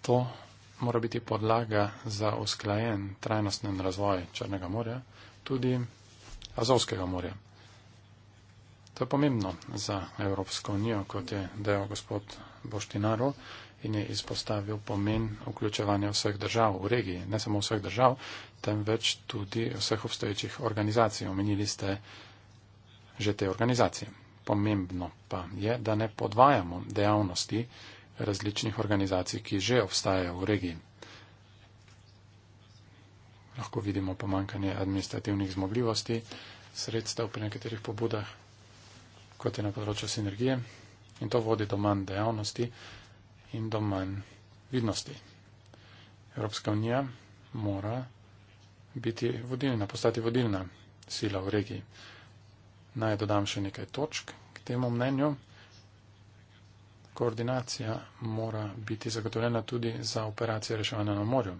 To mora biti podlaga za usklajen trajnostnen razvoj Črnega morja, tudi Azovskega morja. To je pomembno za Evropsko unijo, kot je dejal gospod Boštinaro in je izpostavil pomen vključevanja vseh držav v regiji, ne samo vseh držav, temveč tudi vseh obstoječih organizacij. Omenili ste že te organizacije. Pomembno pa je, da ne podvajamo dejavnosti, različnih organizacij, ki že obstajajo v regiji. Lahko vidimo pomankanje administrativnih zmogljivosti, sredstev pri nekaterih pobudah, kot je na področju sinergije. In to vodi do manj dejavnosti in do manj vidnosti. Evropska unija mora biti vodilna, postati vodilna sila v regiji. Naj dodam še nekaj točk k temu mnenju koordinacija mora biti zagotovljena tudi za operacije reševanja na morju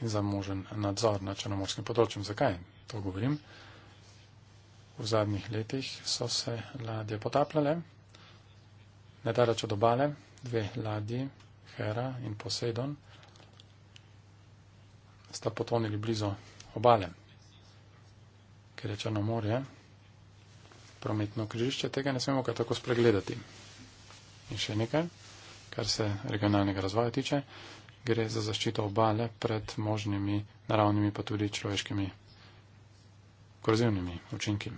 in za možen nadzor na črnomorskim področjem. Zakaj to govorim? V zadnjih letih so se ladje potapljale, nedaleč od obale, dve ladji, Hera in Poseidon, sta potonili blizu obale, ker je črno morje prometno križišče, tega ne smemo kaj tako spregledati. In še nekaj, kar se regionalnega razvoja tiče, gre za zaščito obale pred možnimi naravnimi pa tudi človeškimi korozivnimi učinki.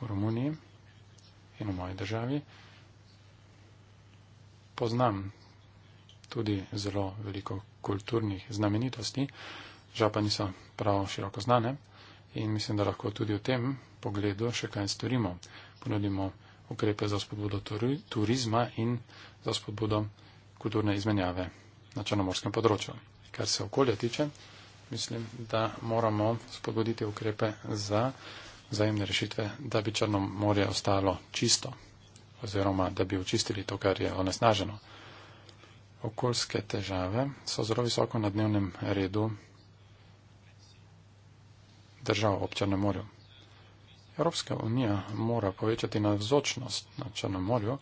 V Romuniji in v moji državi poznam tudi zelo veliko kulturnih znamenitosti, žal pa niso prav široko znane in mislim, da lahko tudi v tem pogledu še kaj storimo. Ponudimo ukrepe za spodbudo turizma in za spodbudo kulturne izmenjave na črnomorskem področju. Kar se okolja tiče, mislim, da moramo spodbuditi ukrepe za vzajemne rešitve, da bi Črnomorje ostalo čisto oziroma da bi očistili to, kar je onesnaženo. Okoljske težave so zelo visoko na dnevnem redu država ob Črnemorju. Evropska unija mora povečati navzočnost na Črnemorju,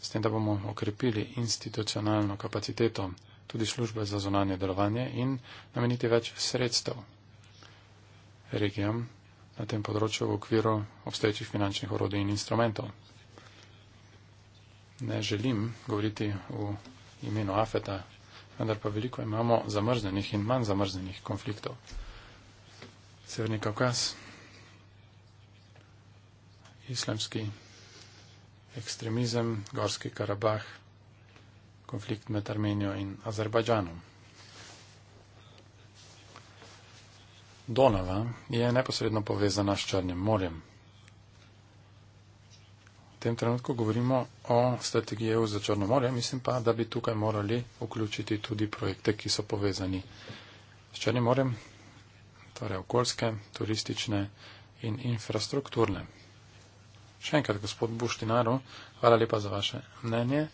s tem, da bomo okrepili institucionalno kapaciteto tudi službe za zonanje delovanje in nameniti več sredstev regijam na tem področju v okviru obstoječih finančnih orodij in instrumentov. Ne želim govoriti v imenu Afeta, vendar pa veliko imamo zamrznenih in manj zamrznenih konfliktov. Severni Kavkaz, islamski ekstremizem, Gorski Karabah, konflikt med Armenijo in Azerbajdžanom. Donava je neposredno povezana s Črnim morjem. V tem trenutku govorimo o strategiji EU za Črno morje, mislim pa, da bi tukaj morali vključiti tudi projekte, ki so povezani s Črnim morjem, torej okoljske, turistične in infrastrukturne. Še enkrat, gospod Buštinaru, hvala lepa za vaše mnenje.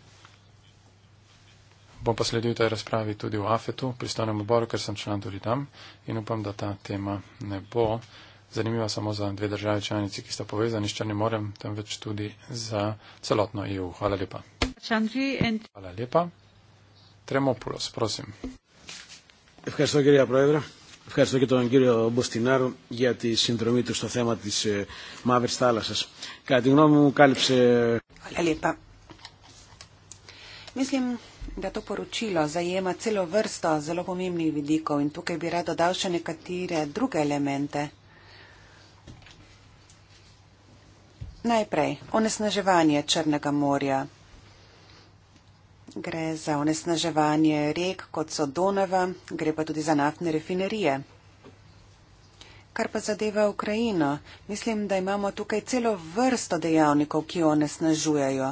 Bom pa sledil tej razpravi tudi v Afetu, pristojnem oboru, ker sem član tudi tam in upam, da ta tema ne bo zanimiva samo za dve države članici, ki sta povezani s Črnim morem, temveč tudi za celotno EU. Hvala lepa. Hvala lepa. Tremopulos, prosim. Evkaj Sogerija Proevra. Ευχαριστώ και τον κύριο Μποστινάρο για τη συνδρομή του στο θέμα της ε, Μαύρης Θάλασσας. Κατά τη γνώμη μου κάλυψε... Όλα λίπα. Μίσλιμ, da to poročilo zajema celo vrsto zelo pomembnih vidikov in tukaj bi rad dodal še nekatere druge elemente. Najprej, onesnaževanje Črnega morja. Gre za onesnaževanje rek, kot so Donava, gre pa tudi za naftne refinerije. Kar pa zadeva Ukrajino, mislim, da imamo tukaj celo vrsto dejavnikov, ki onesnažujejo.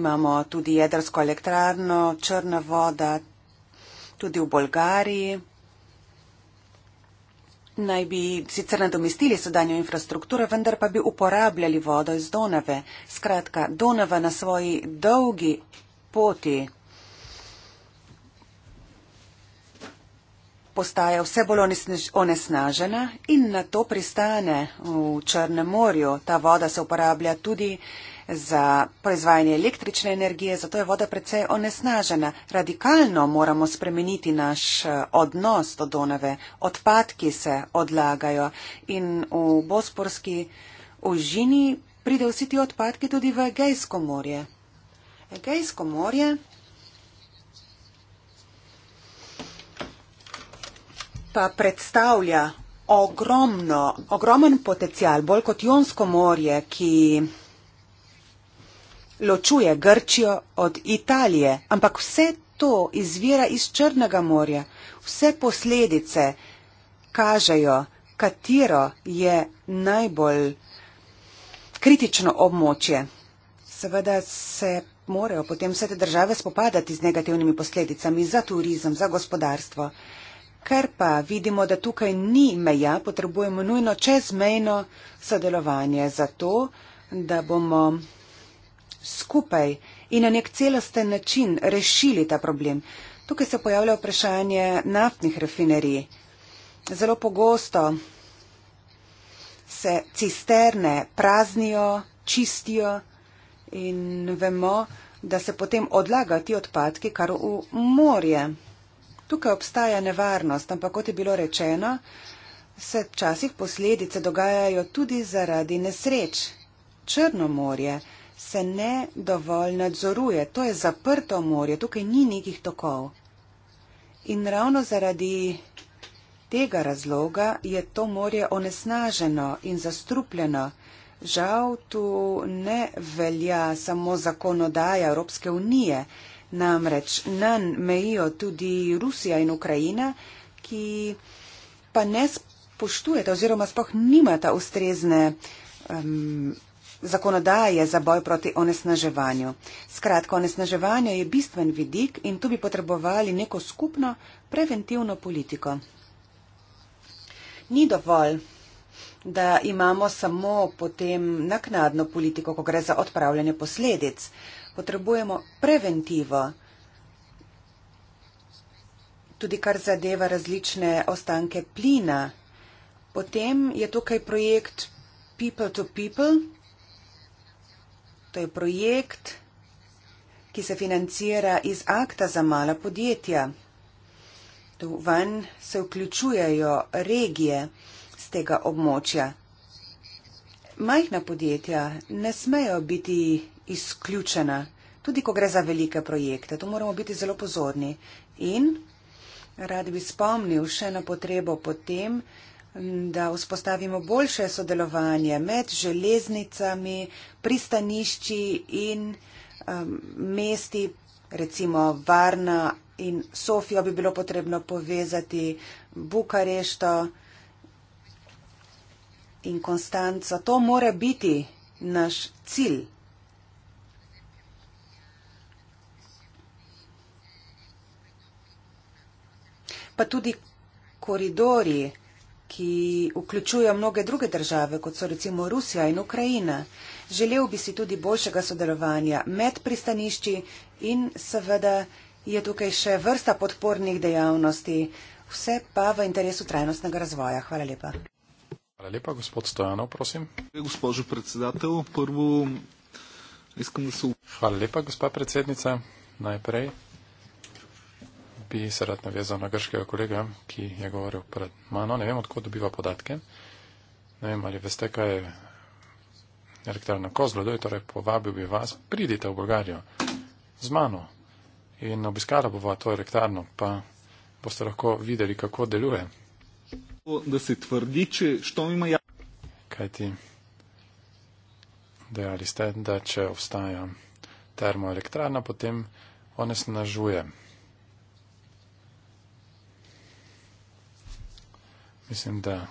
Imamo tudi jedrsko elektrarno, črna voda, tudi v Bolgariji. Naj bi sicer nadomestili sedanjo infrastrukturo, vendar pa bi uporabljali vodo iz Donave. Skratka, Donava na svoji dolgi poti postaja vse bolj onesnažena in na to pristane v Črnem morju. Ta voda se uporablja tudi za proizvajanje električne energije, zato je voda precej onesnažena. Radikalno moramo spremeniti naš eh, odnos do Donave. Odpadki se odlagajo in v Bosporski ožini pride vsi ti odpadki tudi v Egejsko morje. Egejsko morje pa predstavlja ogromno, ogromen potencial, bolj kot Jonsko morje, ki ločuje Grčijo od Italije. Ampak vse to izvira iz Črnega morja. Vse posledice kažejo, katero je najbolj kritično območje. Seveda se morajo potem vse te države spopadati z negativnimi posledicami za turizem, za gospodarstvo. Ker pa vidimo, da tukaj ni meja, potrebujemo nujno čezmejno sodelovanje za to, da bomo skupaj in na nek celosten način rešili ta problem. Tukaj se pojavlja vprašanje naftnih rafinerij. Zelo pogosto se cisterne praznijo, čistijo in vemo, da se potem odlagajo ti odpadki kar v morje. Tukaj obstaja nevarnost, ampak kot je bilo rečeno, se včasih posledice dogajajo tudi zaradi nesreč. Črno morje se ne dovolj nadzoruje, to je zaprto morje, tukaj ni nekih tokov. In ravno zaradi tega razloga je to morje onesnaženo in zastrupljeno. Žal tu ne velja samo zakonodaja Evropske unije, Namreč nan mejijo tudi Rusija in Ukrajina, ki pa ne spoštujete oziroma spoh nimata ustrezne um, zakonodaje za boj proti onesnaževanju. Skratka, onesnaževanje je bistven vidik in tu bi potrebovali neko skupno preventivno politiko. Ni dovolj, da imamo samo potem naknadno politiko, ko gre za odpravljanje posledic potrebujemo preventivo, tudi kar zadeva različne ostanke plina. Potem je tukaj projekt People to People. To je projekt, ki se financira iz akta za mala podjetja. Tu ven se vključujejo regije z tega območja. Majhna podjetja ne smejo biti izključena, tudi ko gre za velike projekte. To moramo biti zelo pozorni. In rad bi spomnil še na potrebo potem, da vzpostavimo boljše sodelovanje med železnicami, pristanišči in um, mesti, recimo Varna in Sofijo bi bilo potrebno povezati, Bukarešto in Konstanco. To mora biti naš cilj. pa tudi koridori, ki vključujejo mnoge druge države, kot so recimo Rusija in Ukrajina. Želel bi si tudi boljšega sodelovanja med pristanišči in seveda je tukaj še vrsta podpornih dejavnosti, vse pa v interesu trajnostnega razvoja. Hvala lepa. Hvala lepa, gospod Stojano, prosim. Gospod predsedatel, prvo. Hvala lepa, gospa predsednica. Najprej bi se rad navezal na grškega kolega, ki je govoril pred mano. Ne vem, odkot dobiva podatke. Ne vem, ali veste, kaj je elektrarna Kozlodoj, torej povabil bi vas, pridite v Bolgarijo z mano in obiskala bova to elektrarno, pa boste lahko videli, kako deluje. Da se tvrdi, če što ima ja. Kaj ti dejali ste, da če obstaja termoelektrarna, potem onesnažuje. Mislim, da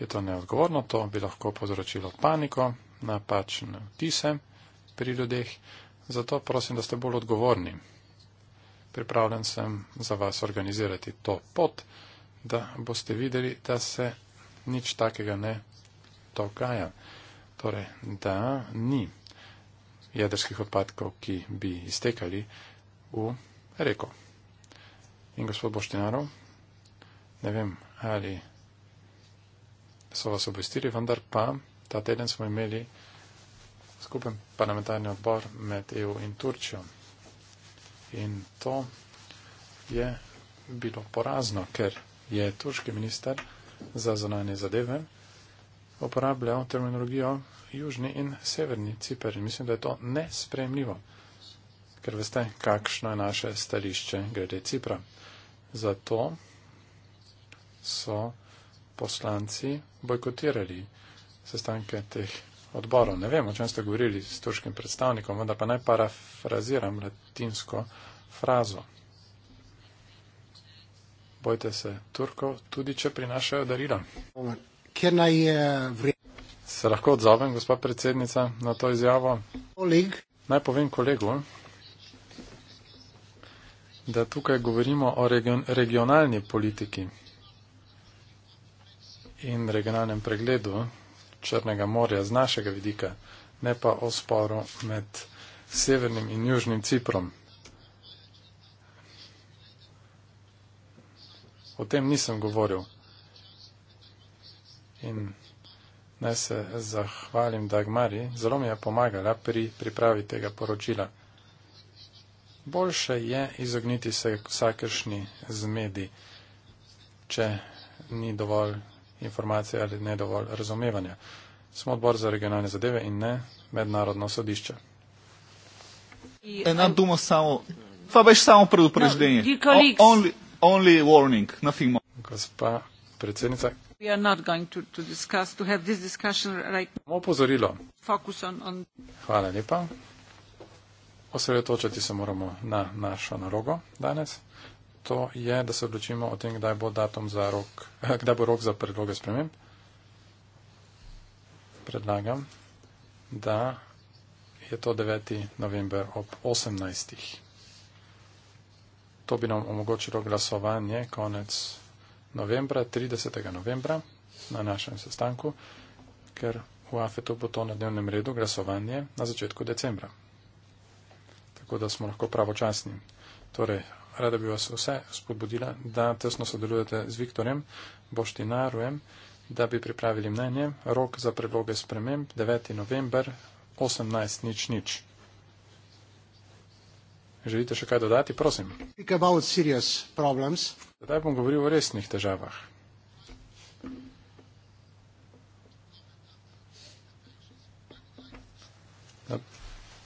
je to neodgovorno, to bi lahko povzročilo paniko, napačne vtise pri ljudeh. Zato prosim, da ste bolj odgovorni. Pripravljen sem za vas organizirati to pot, da boste videli, da se nič takega ne dogaja. Torej, da ni jedrskih odpadkov, ki bi iztekali v reko. In gospod Boštinarov, ne vem, ali so vas obvestili, vendar pa ta teden smo imeli skupen parlamentarni odbor med EU in Turčijo. In to je bilo porazno, ker je turški minister za zonanje zadeve uporabljal terminologijo južni in severni Cipr. In mislim, da je to nespremljivo, ker veste, kakšno je naše stališče glede Cipra. Zato so poslanci bojkotirali sestanke teh odborov. Ne vem, o čem ste govorili s turškim predstavnikom, vendar pa naj parafraziram latinsko frazo. Bojte se Turkov, tudi če prinašajo darila. Se lahko odzovem, gospa predsednica, na to izjavo? Oleg. Naj povem kolegu, da tukaj govorimo o region, regionalni politiki in regionalnem pregledu Črnega morja z našega vidika, ne pa o sporu med Severnim in Južnim Ciprom. O tem nisem govoril. In naj se zahvalim Dagmari, zelo mi je pomagala pri pripravi tega poročila. Boljše je izogniti se vsakršni zmedi, če ni dovolj informacije ali ne dovolj razumevanja. Smo odbor za regionalne zadeve in ne mednarodno sodišče. Ena duma samo, pa veš samo predupreždenje. No, only, only warning, nothing more. Gospa predsednica. Samo opozorilo. Hvala lepa. Osredotočati se moramo na našo nalogo danes to je, da se odločimo o tem, kdaj bo datum za rok, kdaj bo rok za predloge sprememb. Predlagam, da je to 9. november ob 18. To bi nam omogočilo glasovanje konec novembra, 30. novembra na našem sestanku, ker v AFET-u bo to na dnevnem redu glasovanje na začetku decembra. Tako da smo lahko pravočasni. Torej, rada bi vas vse spodbudila, da tesno sodelujete z Viktorjem Boštinarujem, da bi pripravili mnenje. Rok za predloge sprememb 9. november 18. nič nič. Želite še kaj dodati? Prosim. Zdaj bom govoril o resnih težavah.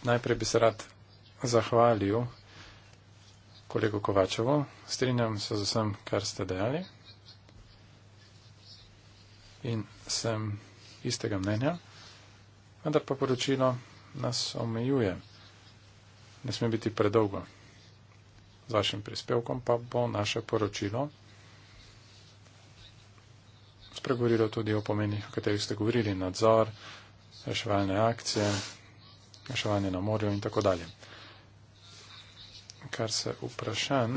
Najprej bi se rad zahvalil kolego Kovačevo. Strinjam se z vsem, kar ste dejali. In sem istega mnenja, vendar pa poročilo nas omejuje. Ne sme biti predolgo. Z vašim prispevkom pa bo naše poročilo spregovorilo tudi o pomenih, o katerih ste govorili, nadzor, reševalne akcije, reševanje na morju in tako dalje kar se vprašanj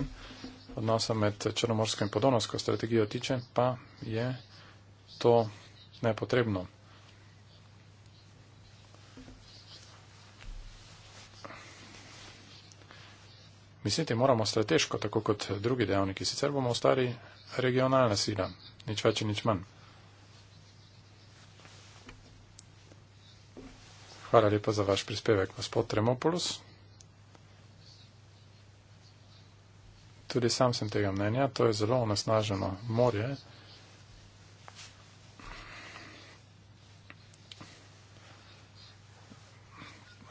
odnosa med Črnomorsko in Podonovsko strategijo tiče, pa je to nepotrebno. Misliti moramo strateško, tako kot drugi dejavniki, sicer bomo ostali regionalna sila, nič več in nič manj. Hvala lepa za vaš prispevek, gospod Tremopolus. tudi sam sem tega mnenja, to je zelo onesnaženo morje.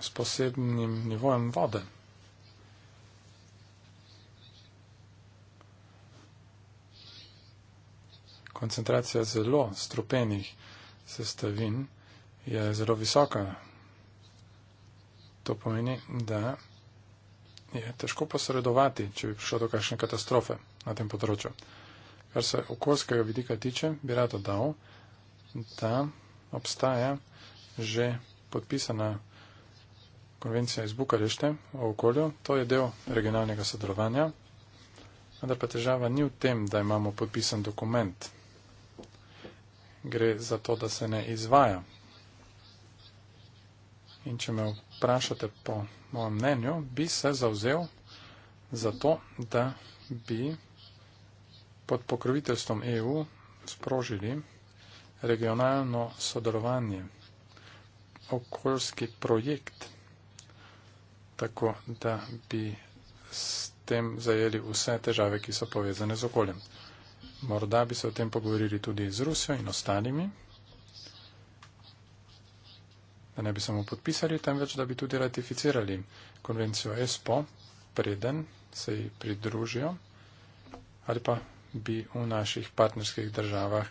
S posebnim nivojem vode. Koncentracija zelo strupenih sestavin je zelo visoka. To pomeni, da je težko posredovati, če bi prišlo do kakšne katastrofe na tem področju. Kar se okoljskega vidika tiče, bi rado dal, da obstaja že podpisana konvencija iz Bukarešte o okolju. To je del regionalnega sodelovanja. Vendar pa težava ni v tem, da imamo podpisan dokument. Gre za to, da se ne izvaja. In če me vprašate po mojem mnenju, bi se zauzel za to, da bi pod pokroviteljstvom EU sprožili regionalno sodelovanje, okoljski projekt, tako da bi s tem zajeli vse težave, ki so povezane z okoljem. Morda bi se o tem pogovorili tudi z Rusijo in ostalimi da ne bi samo podpisali, temveč da bi tudi ratificirali konvencijo ESPO, preden se ji pridružijo ali pa bi v naših partnerskih državah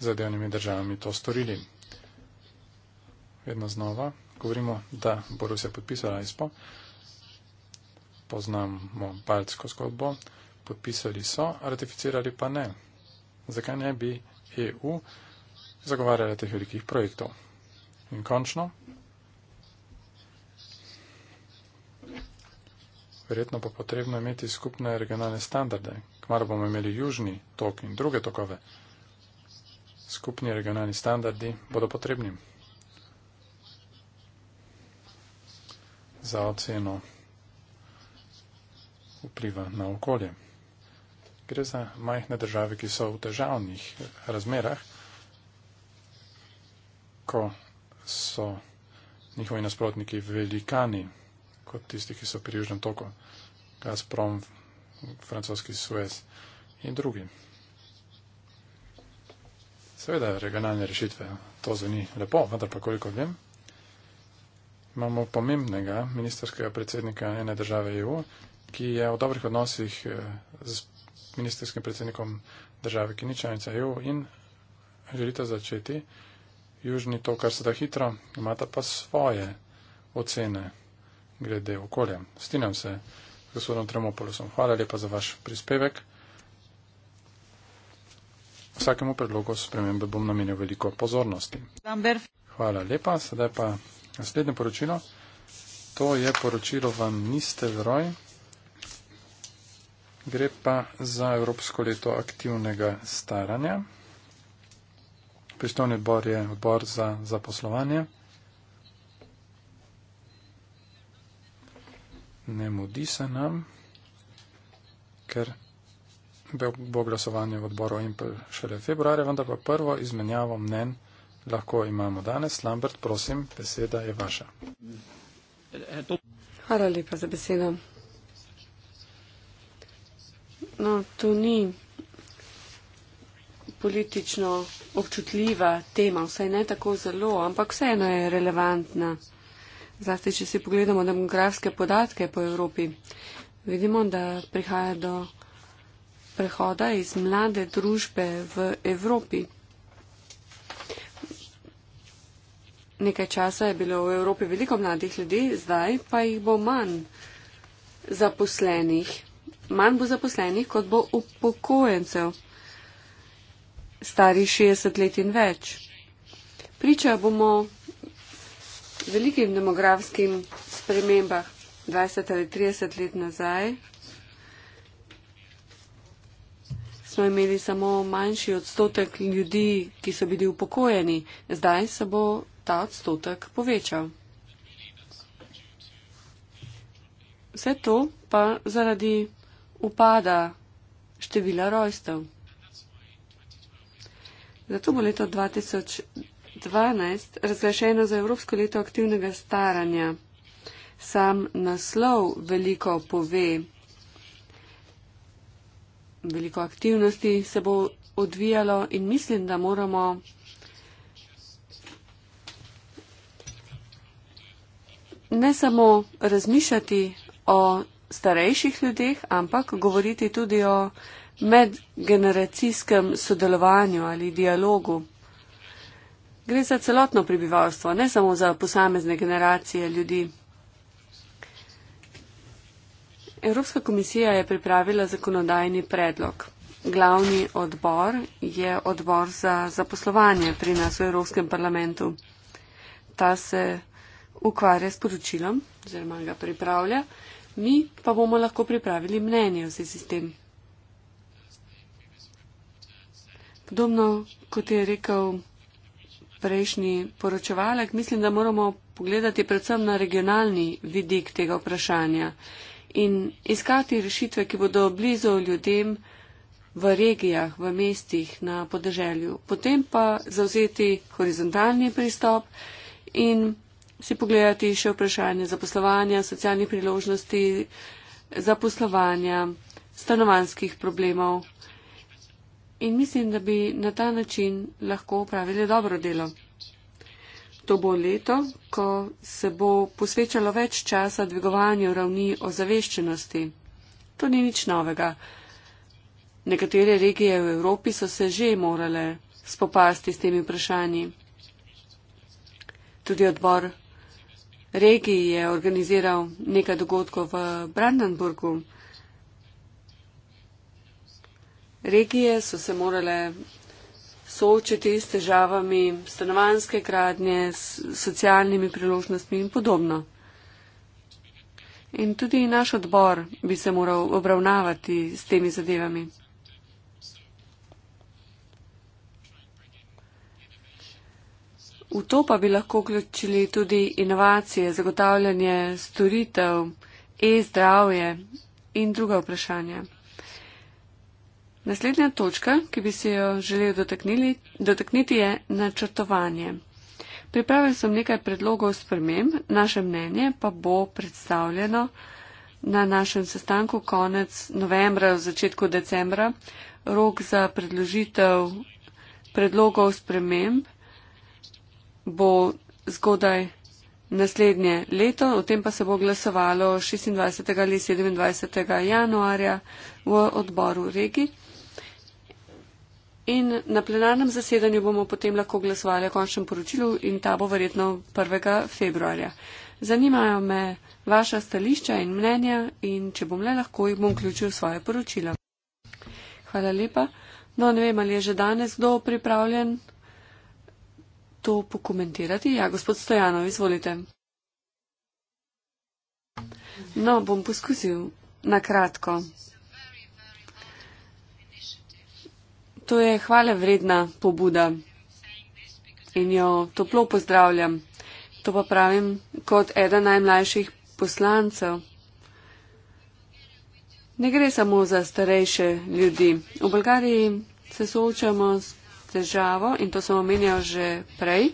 z zadevnimi državami to storili. Vedno znova govorimo, da bo Rusija podpisala ESPO. Poznamo baltsko zgodbo, podpisali so, ratificirali pa ne. Zakaj ne bi EU zagovarjala teh velikih projektov? In končno, Verjetno bo potrebno imeti skupne regionalne standarde. Kmalo bomo imeli južni tok in druge tokove. Skupni regionalni standardi bodo potrebni za oceno vpliva na okolje. Gre za majhne države, ki so v težavnih razmerah, ko so njihovi nasprotniki velikani kot tisti, ki so pri Južnem toku, Gazprom, francoski Suez in drugi. Seveda, regionalne rešitve, to zveni lepo, vendar pa koliko vem, imamo pomembnega ministerskega predsednika ene države EU, ki je v dobrih odnosih eh, z ministerskim predsednikom države, ki ni članica EU in želite začeti. Južni to, kar se da hitro, imate pa svoje ocene glede okolja. Stinjam se z gospodom Tremopolosom. Hvala lepa za vaš prispevek. Vsakemu predlogu spremembe bom namenil veliko pozornosti. Hvala lepa. Sedaj pa naslednje poročilo. To je poročilo vam niste veroj. Gre pa za Evropsko leto aktivnega staranja. Pristojni odbor je odbor za zaposlovanje. ne mudi se nam, ker bo glasovanje v odboru Impel šele februarja, vendar pa prvo izmenjavo mnen lahko imamo danes. Lambert, prosim, beseda je vaša. Hvala lepa za besedo. No, to ni politično občutljiva tema, vsaj ne tako zelo, ampak vseeno je relevantna. Zlasti, če si pogledamo demografske podatke po Evropi, vidimo, da prihaja do prehoda iz mlade družbe v Evropi. Nekaj časa je bilo v Evropi veliko mladih ljudi, zdaj pa jih bo manj zaposlenih. Manj bo zaposlenih, kot bo upokojencev, starih 60 let in več. Pričajo bomo velikih demografskih spremembah 20 ali 30 let nazaj smo imeli samo manjši odstotek ljudi, ki so bili upokojeni. Zdaj se bo ta odstotek povečal. Vse to pa zaradi upada števila rojstev. Zato bo leto 2020. 2012 razglašeno za Evropsko leto aktivnega staranja. Sam naslov veliko pove. Veliko aktivnosti se bo odvijalo in mislim, da moramo ne samo razmišljati o starejših ljudeh, ampak govoriti tudi o medgeneracijskem sodelovanju ali dialogu. Gre za celotno prebivalstvo, ne samo za posamezne generacije ljudi. Evropska komisija je pripravila zakonodajni predlog. Glavni odbor je odbor za zaposlovanje pri nas v Evropskem parlamentu. Ta se ukvarja s poročilom oziroma ga pripravlja. Mi pa bomo lahko pripravili mnenje v zvezi s tem. Podobno, kot je rekel prejšnji poročevalek, mislim, da moramo pogledati predvsem na regionalni vidik tega vprašanja in iskati rešitve, ki bodo blizu ljudem v regijah, v mestih, na podeželju. Potem pa zauzeti horizontalni pristop in si pogledati še vprašanje zaposlovanja, socialnih priložnosti, zaposlovanja, stanovanskih problemov in mislim, da bi na ta način lahko upravili dobro delo. To bo leto, ko se bo posvečalo več časa dvigovanju ravni ozaveščenosti. To ni nič novega. Nekatere regije v Evropi so se že morale spopasti s temi vprašanji. Tudi odbor regij je organiziral nekaj dogodkov v Brandenburgu. regije so se morale soočiti s težavami stanovanske gradnje, s socialnimi priložnostmi in podobno. In tudi naš odbor bi se moral obravnavati s temi zadevami. V to pa bi lahko vključili tudi inovacije, zagotavljanje storitev, e-zdravje in druga vprašanja. Naslednja točka, ki bi se jo želel dotakniti, je načrtovanje. Pripravil sem nekaj predlogov sprememb, naše mnenje pa bo predstavljeno na našem sestanku konec novembra, v začetku decembra. Rok za predložitev predlogov sprememb bo zgodaj naslednje leto, o tem pa se bo glasovalo 26. ali 27. januarja v odboru regij. In na plenarnem zasedanju bomo potem lahko glasovali o končnem poročilu in ta bo verjetno 1. februarja. Zanimajo me vaša stališča in mnenja in če bom le lahko, jih bom vključil v svoje poročilo. Hvala lepa. No, ne vem, ali je že danes kdo pripravljen to pokomentirati. Ja, gospod Stojanov, izvolite. No, bom poskusil na kratko. To je hvale vredna pobuda in jo toplo pozdravljam. To pa pravim kot eden najmlajših poslancev. Ne gre samo za starejše ljudi. V Bolgariji se soočamo s težavo in to sem omenjal že prej.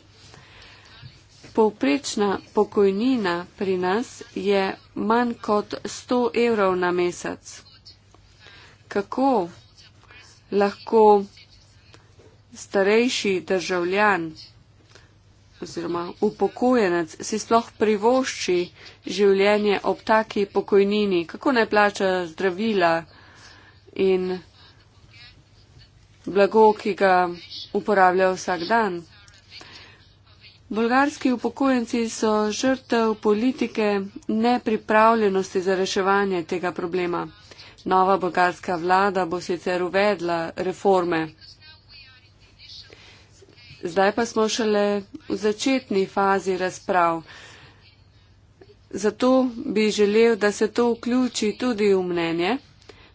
Povprečna pokojnina pri nas je manj kot 100 evrov na mesec. Kako lahko starejši državljan oziroma upokojenec si sploh privošči življenje ob taki pokojnini, kako naj plača zdravila in blago, ki ga uporablja vsak dan. Bolgarski upokojenci so žrtev politike nepripravljenosti za reševanje tega problema. Nova bolgarska vlada bo sicer uvedla reforme. Zdaj pa smo šele v začetni fazi razprav. Zato bi želel, da se to vključi tudi v mnenje.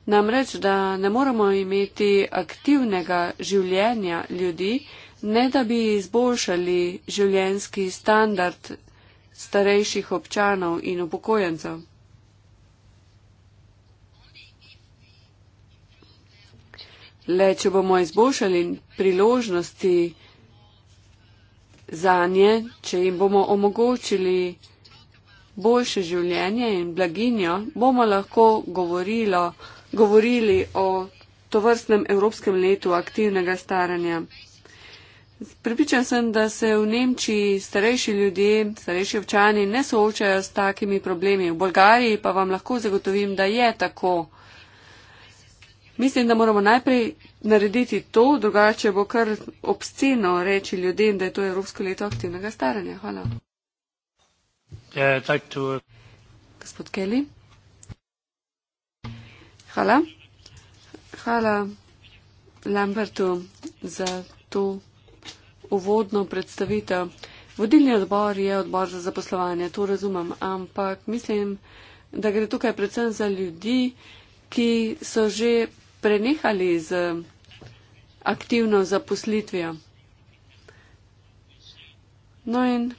Namreč, da ne moramo imeti aktivnega življenja ljudi, ne da bi izboljšali življenski standard starejših občanov in upokojencev. Le, če bomo izboljšali priložnosti za nje, če jim bomo omogočili boljše življenje in blaginjo, bomo lahko govorilo, govorili o tovrstnem evropskem letu aktivnega staranja. Pripričan sem, da se v Nemčiji starejši ljudje, starejši občani ne soočajo s takimi problemi. V Bolgariji pa vam lahko zagotovim, da je tako. Mislim, da moramo najprej narediti to, drugače bo kar obsceno reči ljudem, da je to Evropsko leto aktivnega staranja. Hvala. Yeah, ja, ja, to... Gospod Kelly. Hvala. Hvala Lambertu za to uvodno predstavitev. Vodilni odbor je odbor za zaposlovanje, to razumem, ampak mislim, da gre tukaj predvsem za ljudi, ki so že prenehali z aktivno zaposlitvijo. No in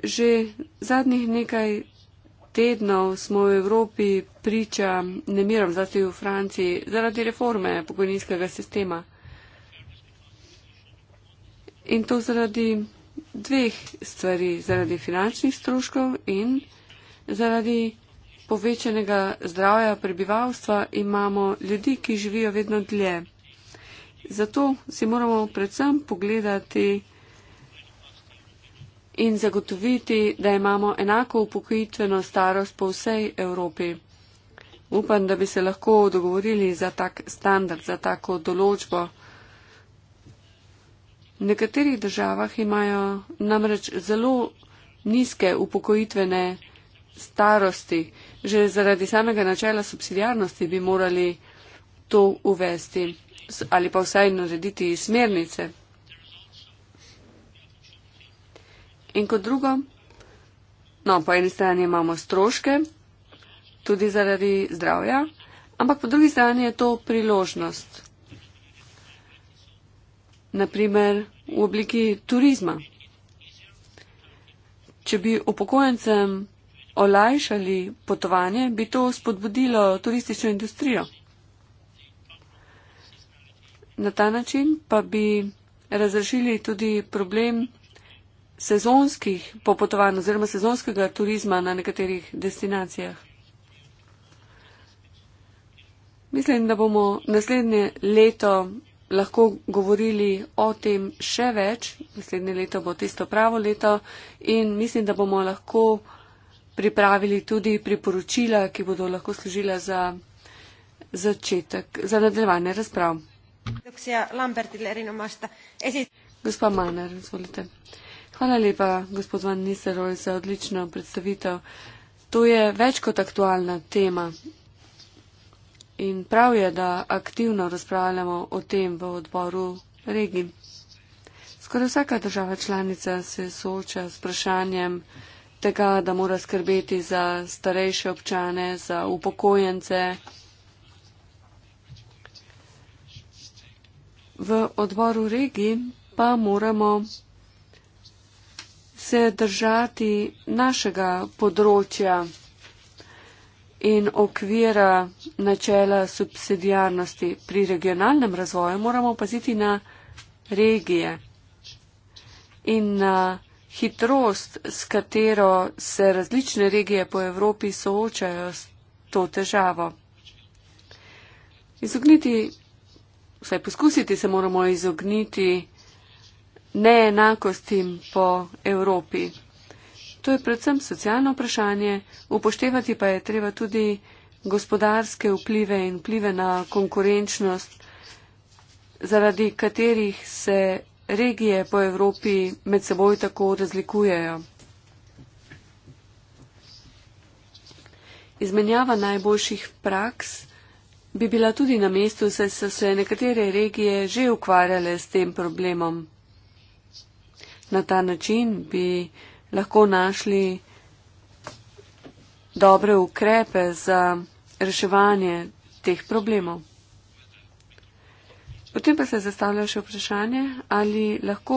že zadnjih nekaj tednov smo v Evropi priča nemirom, zlasti v Franciji, zaradi reforme pokojninskega sistema. In to zaradi dveh stvari, zaradi finančnih stroškov in zaradi povečanega zdravja prebivalstva imamo ljudi, ki živijo vedno dlje. Zato si moramo predvsem pogledati in zagotoviti, da imamo enako upokojitveno starost po vsej Evropi. Upam, da bi se lahko dogovorili za tak standard, za tako določbo. V nekaterih državah imajo namreč zelo nizke upokojitvene starosti. Že zaradi samega načela subsidijarnosti bi morali to uvesti ali pa vsaj narediti smernice. In kot drugo, no, po eni strani imamo stroške, tudi zaradi zdravja, ampak po drugi strani je to priložnost. Naprimer v obliki turizma. Če bi upokojencem olajšali potovanje, bi to spodbudilo turistično industrijo. Na ta način pa bi razrešili tudi problem sezonskih popotovanj oziroma sezonskega turizma na nekaterih destinacijah. Mislim, da bomo naslednje leto lahko govorili o tem še več. Naslednje leto bo tisto pravo leto in mislim, da bomo lahko pripravili tudi priporočila, ki bodo lahko služila za začetek, za nadaljevanje razprav. Gospa Maner, izvolite. Hvala lepa, gospod Van Nisseroj, za odlično predstavitev. To je več kot aktualna tema in prav je, da aktivno razpravljamo o tem v odboru regij. Skoraj vsaka država članica se sooča s vprašanjem, tega, da mora skrbeti za starejše občane, za upokojence. V odboru regi pa moramo se držati našega področja in okvira načela subsidijarnosti. Pri regionalnem razvoju moramo paziti na regije in na uh, hitrost, s katero se različne regije po Evropi soočajo s to težavo. Izogniti, vsaj poskusiti se moramo izogniti neenakostim po Evropi. To je predvsem socialno vprašanje, upoštevati pa je treba tudi gospodarske vplive in vplive na konkurenčnost, zaradi katerih se regije po Evropi med seboj tako razlikujejo? Izmenjava najboljših praks bi bila tudi na mestu, saj so se nekatere regije že ukvarjale s tem problemom. Na ta način bi lahko našli dobre ukrepe za reševanje teh problemov. Potem pa se zastavlja še vprašanje, ali lahko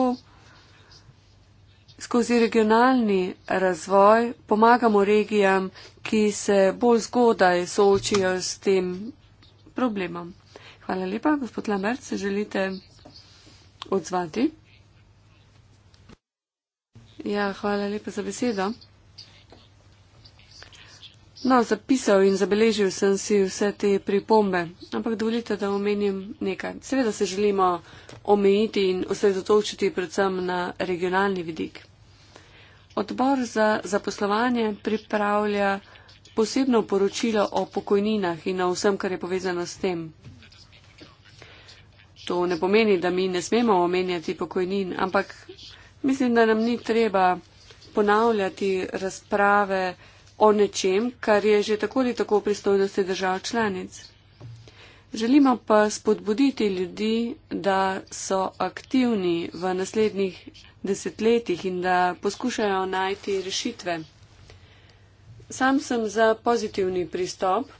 skozi regionalni razvoj pomagamo regijam, ki se bolj zgodaj soočijo s tem problemom. Hvala lepa, gospod Lambert, se želite odzvati. Ja, hvala lepa za besedo. No, zapisal in zabeležil sem si vse te pripombe, ampak dovolite, da omenim nekaj. Seveda se želimo omejiti in osredotočiti predvsem na regionalni vidik. Odbor za zaposlovanje pripravlja posebno poročilo o pokojninah in o vsem, kar je povezano s tem. To ne pomeni, da mi ne smemo omenjati pokojnin, ampak mislim, da nam ni treba ponavljati razprave, o nečem, kar je že tako ali tako pristojnosti držav članic. Želimo pa spodbuditi ljudi, da so aktivni v naslednjih desetletjih in da poskušajo najti rešitve. Sam sem za pozitivni pristop,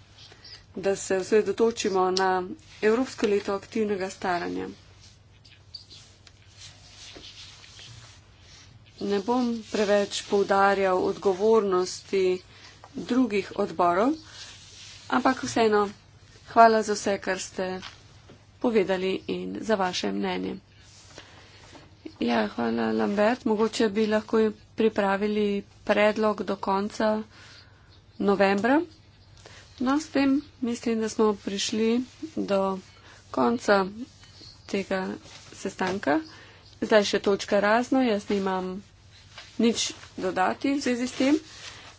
da se osredotočimo na Evropsko leto aktivnega staranja. ne bom preveč poudarjal odgovornosti drugih odborov, ampak vseeno hvala za vse, kar ste povedali in za vaše mnenje. Ja, hvala, Lambert. Mogoče bi lahko pripravili predlog do konca novembra. No, s tem mislim, da smo prišli do konca tega sestanka. Zdaj še točka razno. Jaz nimam nič dodati v zvezi s tem.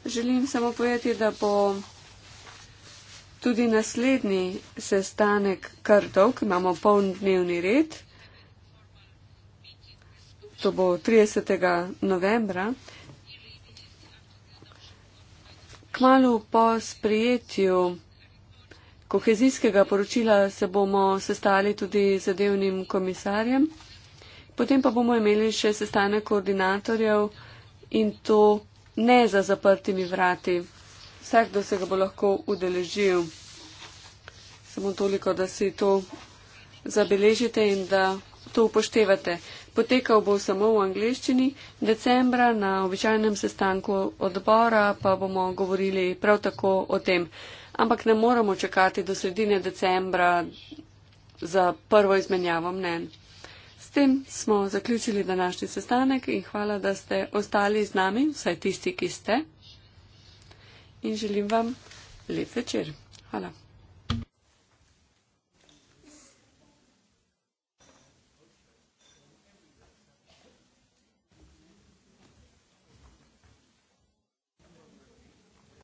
Želim samo povedati, da bo tudi naslednji sestanek kar dolg, imamo poln dnevni red. To bo 30. novembra. Kmalo po sprijetju kohezijskega poročila se bomo sestali tudi z zadevnim komisarjem. Potem pa bomo imeli še sestanek koordinatorjev in to ne za zaprtimi vrati. Vsak, kdo se ga bo lahko udeležil. Samo toliko, da si to zabeležite in da to upoštevate. Potekal bo samo v angliščini, decembra na običajnem sestanku odbora pa bomo govorili prav tako o tem. Ampak ne moramo čakati do sredine decembra za prvo izmenjavo mnen tem smo zaključili današnji sestanek in hvala, da ste ostali z nami, vsaj tisti, ki ste. In želim vam lep večer. Hvala.